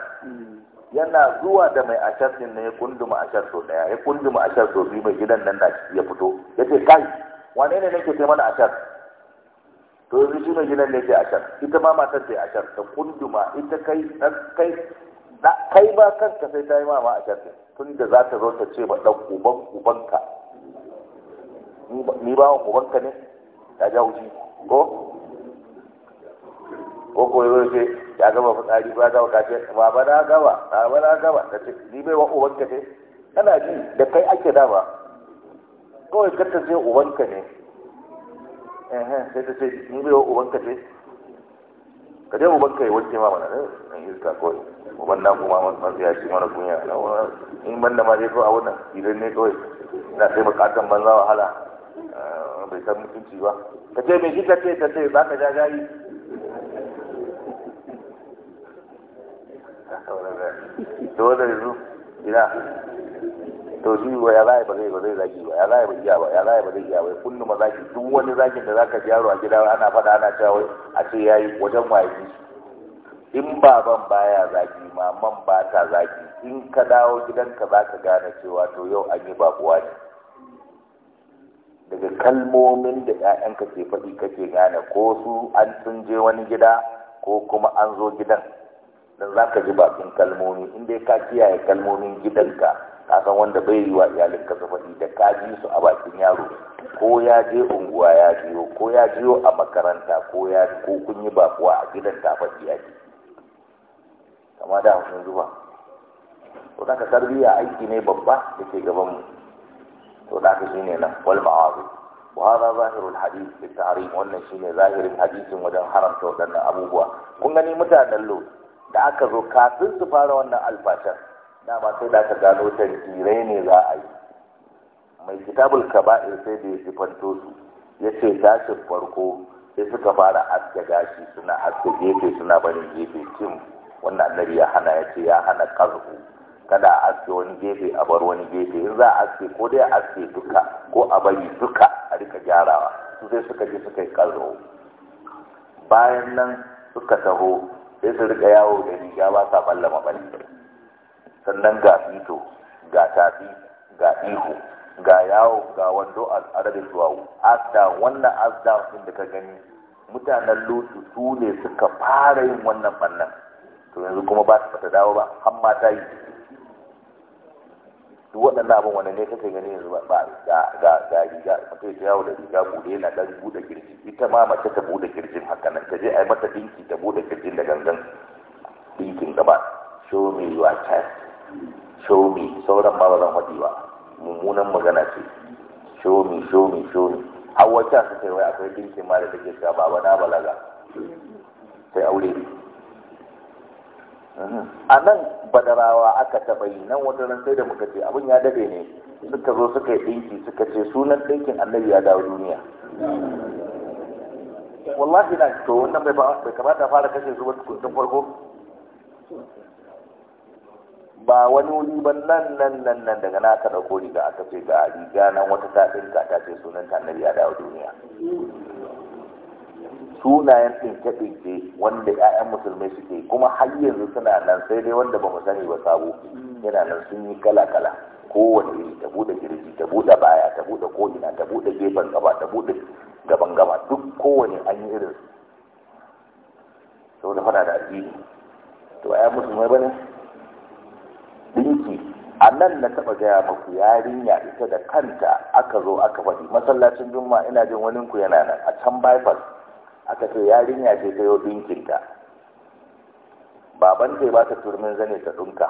yana zuwa da mai ashar din na ya kunduma ashar so daya ya kunduma ashar so biyu mai gidan nan na ya fito ya ce kai wane ne nake kai mana ashar to yanzu shi mai gidan ne ke ashar ita ma matar ce ashar ta kunduma ita kai kai kai ba kanka sai ta yi mama ashar din tun da za ta zo ta ce ma dan uban ubanka ni ba ka ne ta ja wuce ko ko ko yau ce ya gama fitsari ba gama ka ce ba na ba ba na gaba ka ce ni bai wa uban ka ce kana ji da kai ake dama kawai ka ta ce uban ka ne sai ta ce ni bai wa uban ka ce ka je uban ka yi wanke ma mana eh, nan iska kawai uban na kuma man ya ci mana kunya in banda ma zai kawai a wannan idan ne kawai na sai bukatan banza wahala ah, bai san mutunci ba ka ce mai shi ka ce ta ce ba ka ja jari to da yanzu ina ya zai ba zai ba zai zaki ba ya zai ba iya ba ya zai ba zai iya ba kullum zaki duk wani zakin da zaka ji yaro a gida ana faɗa ana cewa a ce yayi wajen waye in baban baya zaki maman ba ta zaki in ka dawo gidanka za ka gane cewa to yau an yi babuwa ne daga kalmomin da 'ya'yanka ke faɗi kake gane ko su an sun je wani gida ko kuma an zo gidan dan za ka ji bakin kalmomi in dai ka kiyaye kalmomin gidanka ka san wanda bai yi wa iyalinka su faɗi da ka ji su a bakin yaro ko ya je unguwa ya jiyo ko ya jiyo a makaranta ko ya ko kun yi bakuwa a gidan ta ya ji kama da hausin zuba to da ka tarbiyya aiki ne babba da ke gaban mu to da ka shine nan wal ma'azi وهذا ظاهر الحديث في التعريف wannan shine zahirin hadisin wajen haramta waɗannan abubuwa kun gani mutanen lo da aka zo kafin su fara wannan alfashar ba sai da aka gano tarjirai ne za a yi mai kitabul kaba'ir sai da ya sifanto su ya ce tashin farko sai suka fara aske gashi suna aske gefe suna barin gefe kim wannan annabi ya hana ya ce ya hana kazu kada a aske wani gefe a bar wani gefe in za a aske ko dai a aske duka ko a bari duka a rika gyarawa su sai suka je suka yi kazo bayan nan suka taho sai su rika yawo da riga ba sa balla ɓalli sannan ga fito ga tafi ga ihu ga yawo ga wando a da duwawu asda wannan asda sun da ka gani mutanen lutu su ne suka fara yin wannan bannan to yanzu kuma ba su fata dawo ba har mata yi duk waɗannan abin wani ne kake gani yanzu ba ga ga ga riga mutum ya yawo da riga bude yana ɗan bude kirji ita ma mace ta bude kirjin haka nan ta je yi mata ɗinki ta bude kirjin da gangan ɗinkin gaba show me your chest show me sauran ma ba zan faɗi ba mummunan magana ce show me show me show me har wata su kai wai akwai ɗinkin ma da take ba ba na balaga sai aure a nan badarawa aka taɓa yi nan wata ran sai da muka ce abin ya dade ne suka zo suka yi ɗinki suka ce sunan ɗinkin annabi ya dawo duniya wallahi na to wannan bai kamata fara kashe su ba tun farko ba wani wuri ba nan nan nan nan daga na aka ɗauko riga aka ce ga riga nan wata ta ɗinka ta ce sunan ta annabi ya dawo duniya sunayen tsinke-tsinke wanda 'ya'yan musulmai suke kuma har yanzu suna nan sai dai wanda ba mu sani ba sabo yana nan sun yi kala-kala kowane iri ta buɗe girji ta buɗe baya ta buɗe ko'ina ta buɗe gefen gaba ta buɗe gaban gaba duk kowane an yi irin da fara da addini to 'ya'yan musulmai ba ne ɗinki a nan na taɓa gaya maku yarinya ita da kanta aka zo aka faɗi masallacin juma'a ina jin wani ku yana nan a can bypass aka ce yarinya ce ta yau ɗinkinta baban ce ba ta turmin zane ta dunka.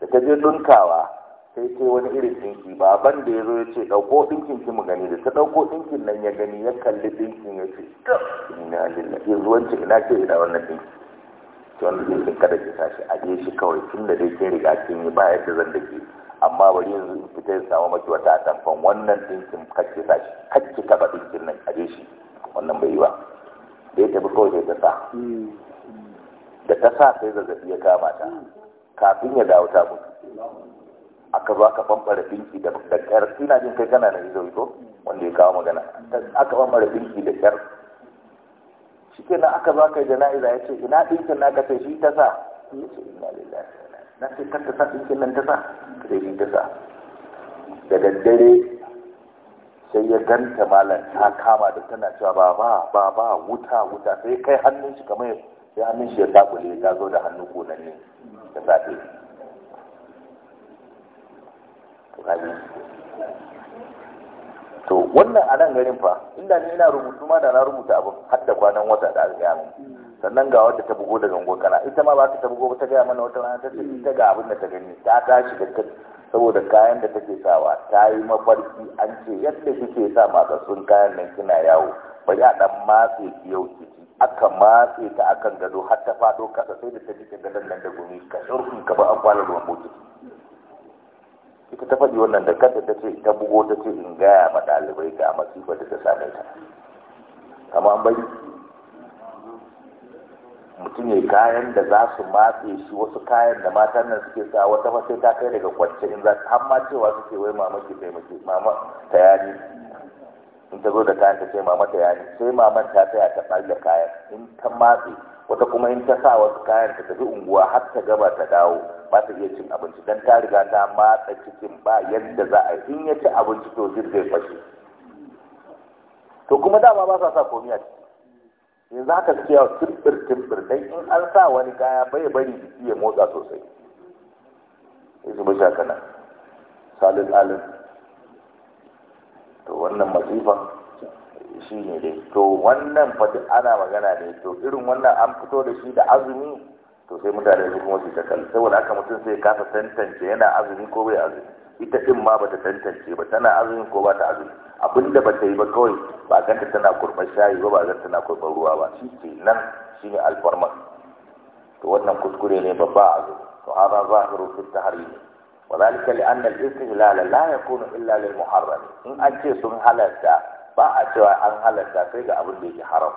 da ta je dunkawa, sai ce wani irin ɗinki baban da ya zo ya ce ɗauko ɗinkin ki mu gani da ta ɗauko ɗinkin nan ya gani ya kalli ɗinkin ya ce ina lillahi ruwanci ina ce ina wannan ɗinki to wani ɗinkin kada ki tashi a je shi kawai tun da dai kin riga kin yi ba yadda zan da ke amma bari yanzu in fita ya samu maki wata atamfan wannan ɗinkin kacce shi kacce taɓa ɗinkin nan a je shi wannan bai yi ba da ya tafi kawai ta sa da ta sa sai zazzabi ya kama ta kafin ya dawo ta mutu aka zo aka fanfara binki da kyar ina jin kai kana na hizo ko wanda ya kawo magana aka fanfara binki da kyar shi ke nan aka zo aka yi jana'iza ya ce ina ɗinkin na ka sai shi ta sa ya ce ina lillahi na ce ta sa ɗinkin nan ta sa sai shi ta sa da daddare sai ya ganta malam ta kama da tana cewa baba baba wuta wuta sai kai hannun shi kamar sai hannun shi ya sabule ya zo da hannun ne da safe to wannan a nan garin fa inda ne ina rubutu ma da na rubuta abin har da kwanan wata da aka sannan ga wadda ta bugo da gangon kana ita ma ba ta bugo ba ta gaya mana wata rana ta ce ita ga abin da ta gani ta tashi da ta saboda kayan da take sawa ta yi mafarki an ce yadda kike sa matsatsun kayan nan kina yawo ba ya dan matse yau ciki aka matse ta akan gado har ta fado kasa sai da ta jike gadon nan da gumi ka shurfin ka ba an kwana ruwan bokiti ita ta faɗi wannan da kanta ta ce ta bugo ta ce in gaya ma ɗalibai ga masifar da ta same ta amma an bari mutum ne kayan da za su matse shi wasu kayan da matan nan suke sa wata fa sai ta kai daga kwance in za har ma cewa suke wai mama ki taimake mama ta yani in ta zo da kayan ta ce mama ta yani sai maman ta tsaya ta da kayan in ta matse wata kuma in ta sa wasu kayan ta tafi unguwa har ta gaba ta dawo ba ta iya cin abinci dan ta riga ta matsa cikin ba yadda za a in ya ci abinci to zirgai fashe to kuma dama ba sa sa komiya ciki in za ka siya timbir timbir dai in an sa wani kaya bai bari jiki ya motsa sosai ya zuba shaka nan salin alin to wannan masifa shi ne dai to wannan fadi ana magana ne to irin wannan an fito da shi da azumi to sai mutane su kuma su ta kalli saboda haka mutum sai kasa tantance yana azumi ko bai azumi ita din ma bata tantance ba tana azumi ko ba ta azumi abinda ba ta yi ba kawai ba ganta tana kurban shayi ba ba ganta tana kurban ruwa ba shi ke nan shi ne alfarmar to wannan kuskure ne babba a zo to hada zahiru fi tahrimi wa zalika li anna al la yakunu illa lil muharram in an ce sun halarta ba a cewa an halatta sai ga abin da yake haram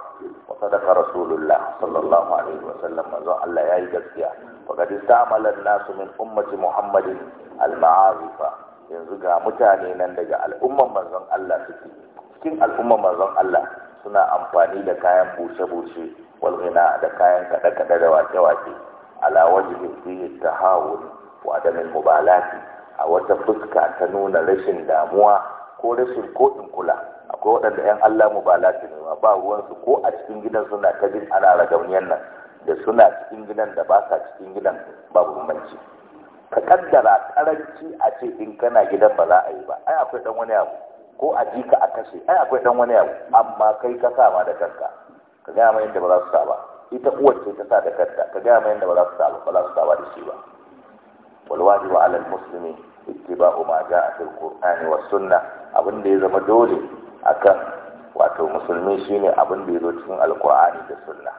wa sadaqa rasulullah sallallahu alaihi wa sallam manzon Allah yayi gaskiya fa kad istamala an-nasu min ummati muhammadin al maarifa yanzu ga mutane nan daga al'umman manzon Allah suke cikin al'umman manzon Allah suna amfani da kayan bushe-bushe walghina da kayan kaɗe-kaɗe da wake-wake ala wajibin fihi ta wa adamin mubalati a wata fuska ta nuna rashin damuwa ko rashin ko kula akwai waɗanda 'yan Allah mubalati ne ba ruwansu ko a cikin gidan suna ta jin ana ragauniyar nan da suna cikin gidan da ba sa cikin gidan babu bambanci ka kaddara karanci a ce in kana gidan ba za a yi ba ai akwai dan wani abu ko a ji ka a kashe ai akwai dan wani abu amma kai ka sa ma da kanka ka gaya mai yadda ba za su sa ba ita uwar ce ta sa da kanta ka gaya mai yadda ba za su sa ba ba za su sa ba da shi ba wal wajibu ala al muslimi ittiba'u ma ja'a fil qur'ani was sunnah abin da ya zama dole akan wato musulmi shine abin da ya zo cikin alqur'ani da sunna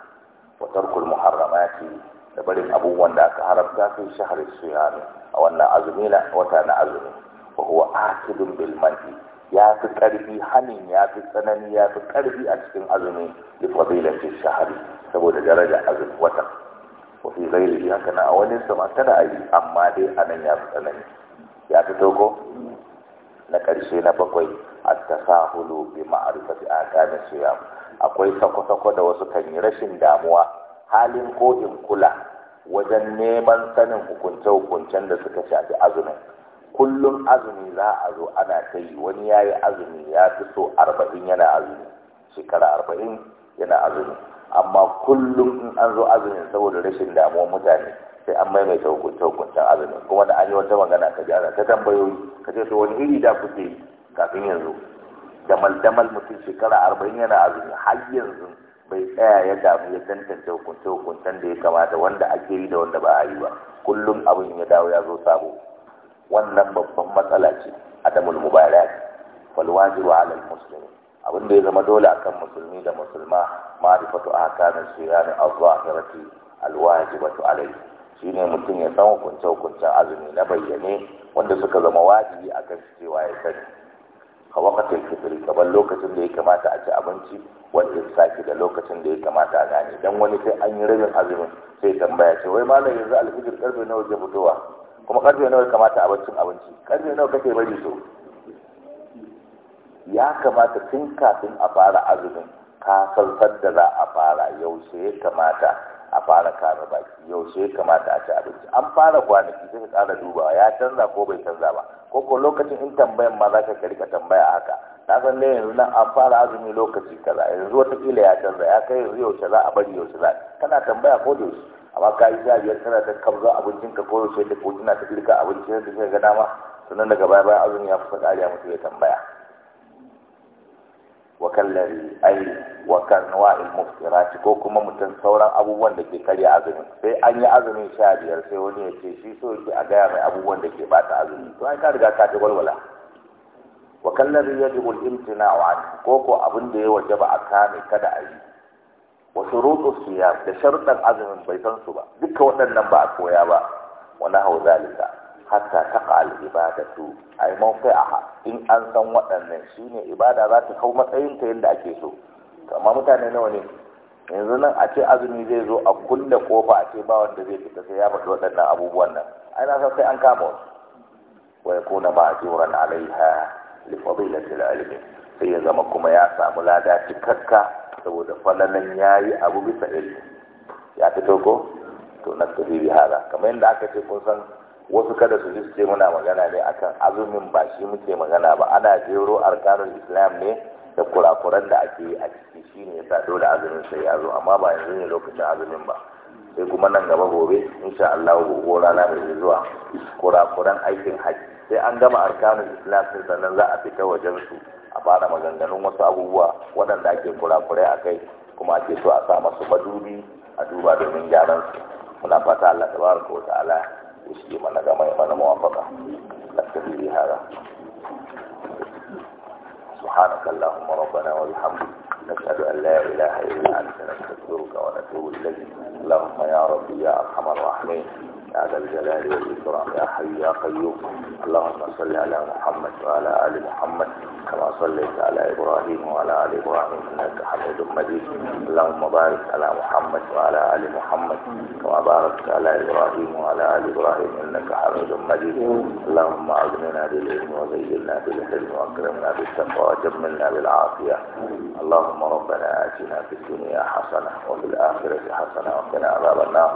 wa tarkul muharramati da barin abubuwan da aka haramta fi shahar ne. a wannan azumi na wata na azumi ba huwa akidun bilmanti ya fi karfi hannun ya fi tsanani ya fi karfi a cikin azumi da fadilati shahari saboda daraja azumi wata ko fi ghairihi haka na a wani sama tana ayi amma dai anan ya fi tsanani ya fi toko na ƙarshe na bakwai ta sa hulu bi ma'rifati ahkam siyam akwai sako da wasu kan yi rashin damuwa halin ko in kula wajen neman sanin hukunce-hukuncen da suka shafi azumin kullum azumi za a zo ana ta yi wani ya yi azumi ya fi so arba'in yana azumi shekara arba'in yana azumi amma kullum in an zo azumin saboda rashin damuwa mutane sai an maimaita hukunce-hukuncen azumin kuma da an yi wata magana ka gyara ta tambayoyi ka ce su wani iri da kuke kafin yanzu damal-damal mutum shekara arba'in yana azumi har yanzu bai tsaya ya damu ya tantance hukunce hukuncen da ya kamata wanda ake yi da wanda ba a yi ba kullum abin ya dawo ya zo sabo wannan babban matsala ce da mubarak wal wajibu ala abin da ya zama dole akan musulmi da musulma a kanin shirani a zahirati al alai Shi shine mutum ya san hukunce hukuncen azumi na bayyane wanda suka zama wajibi akan cewa ya sani ka fituri-fitiri, fitri kamar lokacin da ya kamata a ci abinci wal saki da lokacin da ya kamata a gane dan wani sai an yi rabin azumin sai tambaya ce wai malam yanzu alfijir karfe nawa ke fitowa kuma karfe nawa kamata a baccin abinci karfe nawa kake bari so ya kamata tun kafin a fara azumin ka san da za a fara yaushe ya kamata a fara kare baki yaushe ya kamata a ci abinci an fara kwanaki sai ka ƙara dubawa ya canza ko bai canza ba ko ko lokacin in tambayan ma za ka rika tambaya haka na san ne yanzu nan an fara azumi lokaci kaza yanzu wataƙila ya canza ya kai yanzu yaushe za a bari yaushe za kana tambaya ko da amma ka yi sha biyar tana ta kabza abincinka ko yaushe da ko kina ta girka abinci da ta ga dama sannan daga baya bayan azumi ya kusa ƙariya mutum ya tambaya wa kallari ai wa karnuwa ilmuftirati ko kuma mutum sauran abubuwan da ke karya azumin sai an yi azumin sha biyar sai wani ya ce shi so yake a gaya mai abubuwan da ke bata azumi to ai ka riga ka ta walwala wa kallari yajibu al-imtina'u an ko ko abin da ya waje ba a kame kada a yi wa shurutu siyam da sharuɗan azumin bai san su ba duka waɗannan ba a koya ba wa nahaw zalika hatta ta al ibadatu ay mawqi'aha in an san waɗannan shine ibada za ta kau matsayin ta yadda ake so amma mutane nawa ne yanzu nan a ce azumi zai zo a kulle kofa a ce ba wanda zai fita sai ya faɗi waɗannan abubuwan nan ai na san sai an kama wasu wa yakuna ma'juran alaiha li fadilatil ilmi sai ya zama kuma ya samu lada cikakka saboda falalan yayi abu bisa ilmi ya fito ko to na tafi bi kamar yadda aka ce kun san wasu kada su jiske muna magana ne akan azumin ba shi muke magana ba ana jero arkanul islam ne da kurakuran da ake yi a ciki shi ne yasa dole azumin sai ya zo amma ba yanzu ne lokacin azumin ba sai kuma nan gaba gobe insha Allah gobe rana da zuwa kurakuran aikin haji sai an gama arkanul islam sai sannan za a fita wajen su a fara maganganun wasu abubuwa waɗanda ake kurakurai a kai kuma ake so a sa masu madubi a duba domin gyaran su muna fata Allah tabaraka wa ta'ala يسجي من كما يمن موافقة نكتفي بهذا سبحانك اللهم ربنا والحمد نشهد أن لا إله إلا أنت نستغفرك ونتوب إليك اللهم يا ربي يا أرحم الراحمين يا ذا الجلال والإكرام يا حي يا قيوم اللهم صل على محمد وعلى آل محمد كما صليت على إبراهيم وعلى آل إبراهيم إنك حميد مجيد اللهم بارك على محمد وعلى آل محمد كما باركت على إبراهيم وعلى آل إبراهيم إنك حميد مجيد اللهم أغننا بالعلم وزينا بالحلم وأكرمنا بالتقوى وجملنا بالعافية اللهم ربنا آتنا في الدنيا حسنة وفي الآخرة حسنة وقنا عذاب النار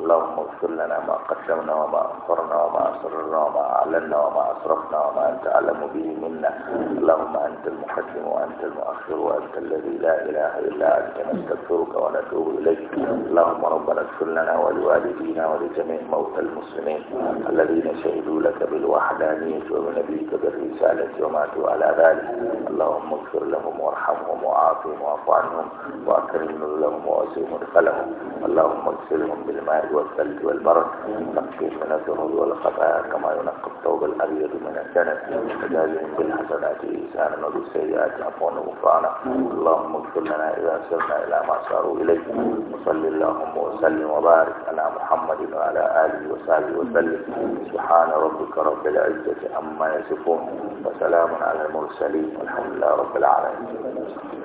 اللهم اغفر لنا ما قدمنا وما أخرنا وما أسررنا وما أعلنا وما أسرفنا وما أنت أعلم به منا اللهم أنت المقدم وأنت المؤخر وأنت الذي لا إله إلا أنت نستغفرك ونتوب إليك اللهم ربنا اغفر لنا ولوالدينا ولجميع موتى المسلمين الذين شهدوا لك بالوحدانية وبنبيك بالرسالة وماتوا على ذلك اللهم اغفر لهم وارحمهم وعافهم واعف عنهم وأكرم لهم وأسلم لهم اللهم اغسلهم بالماء والثلج والبرد من الذنوب والخطايا كما ينقى الثوب الأبيض من الدنس فجازهم بالحسنات إنسانا وبالسيئات عفوا وغفرانا اللهم اغفر لنا إذا سرنا إلى ما ساروا إليه وصل اللهم وسلم وبارك على محمد وعلى آله وصحبه وسلم سبحان ربك رب العزة عما يصفون وسلام على المرسلين والحمد لله رب العالمين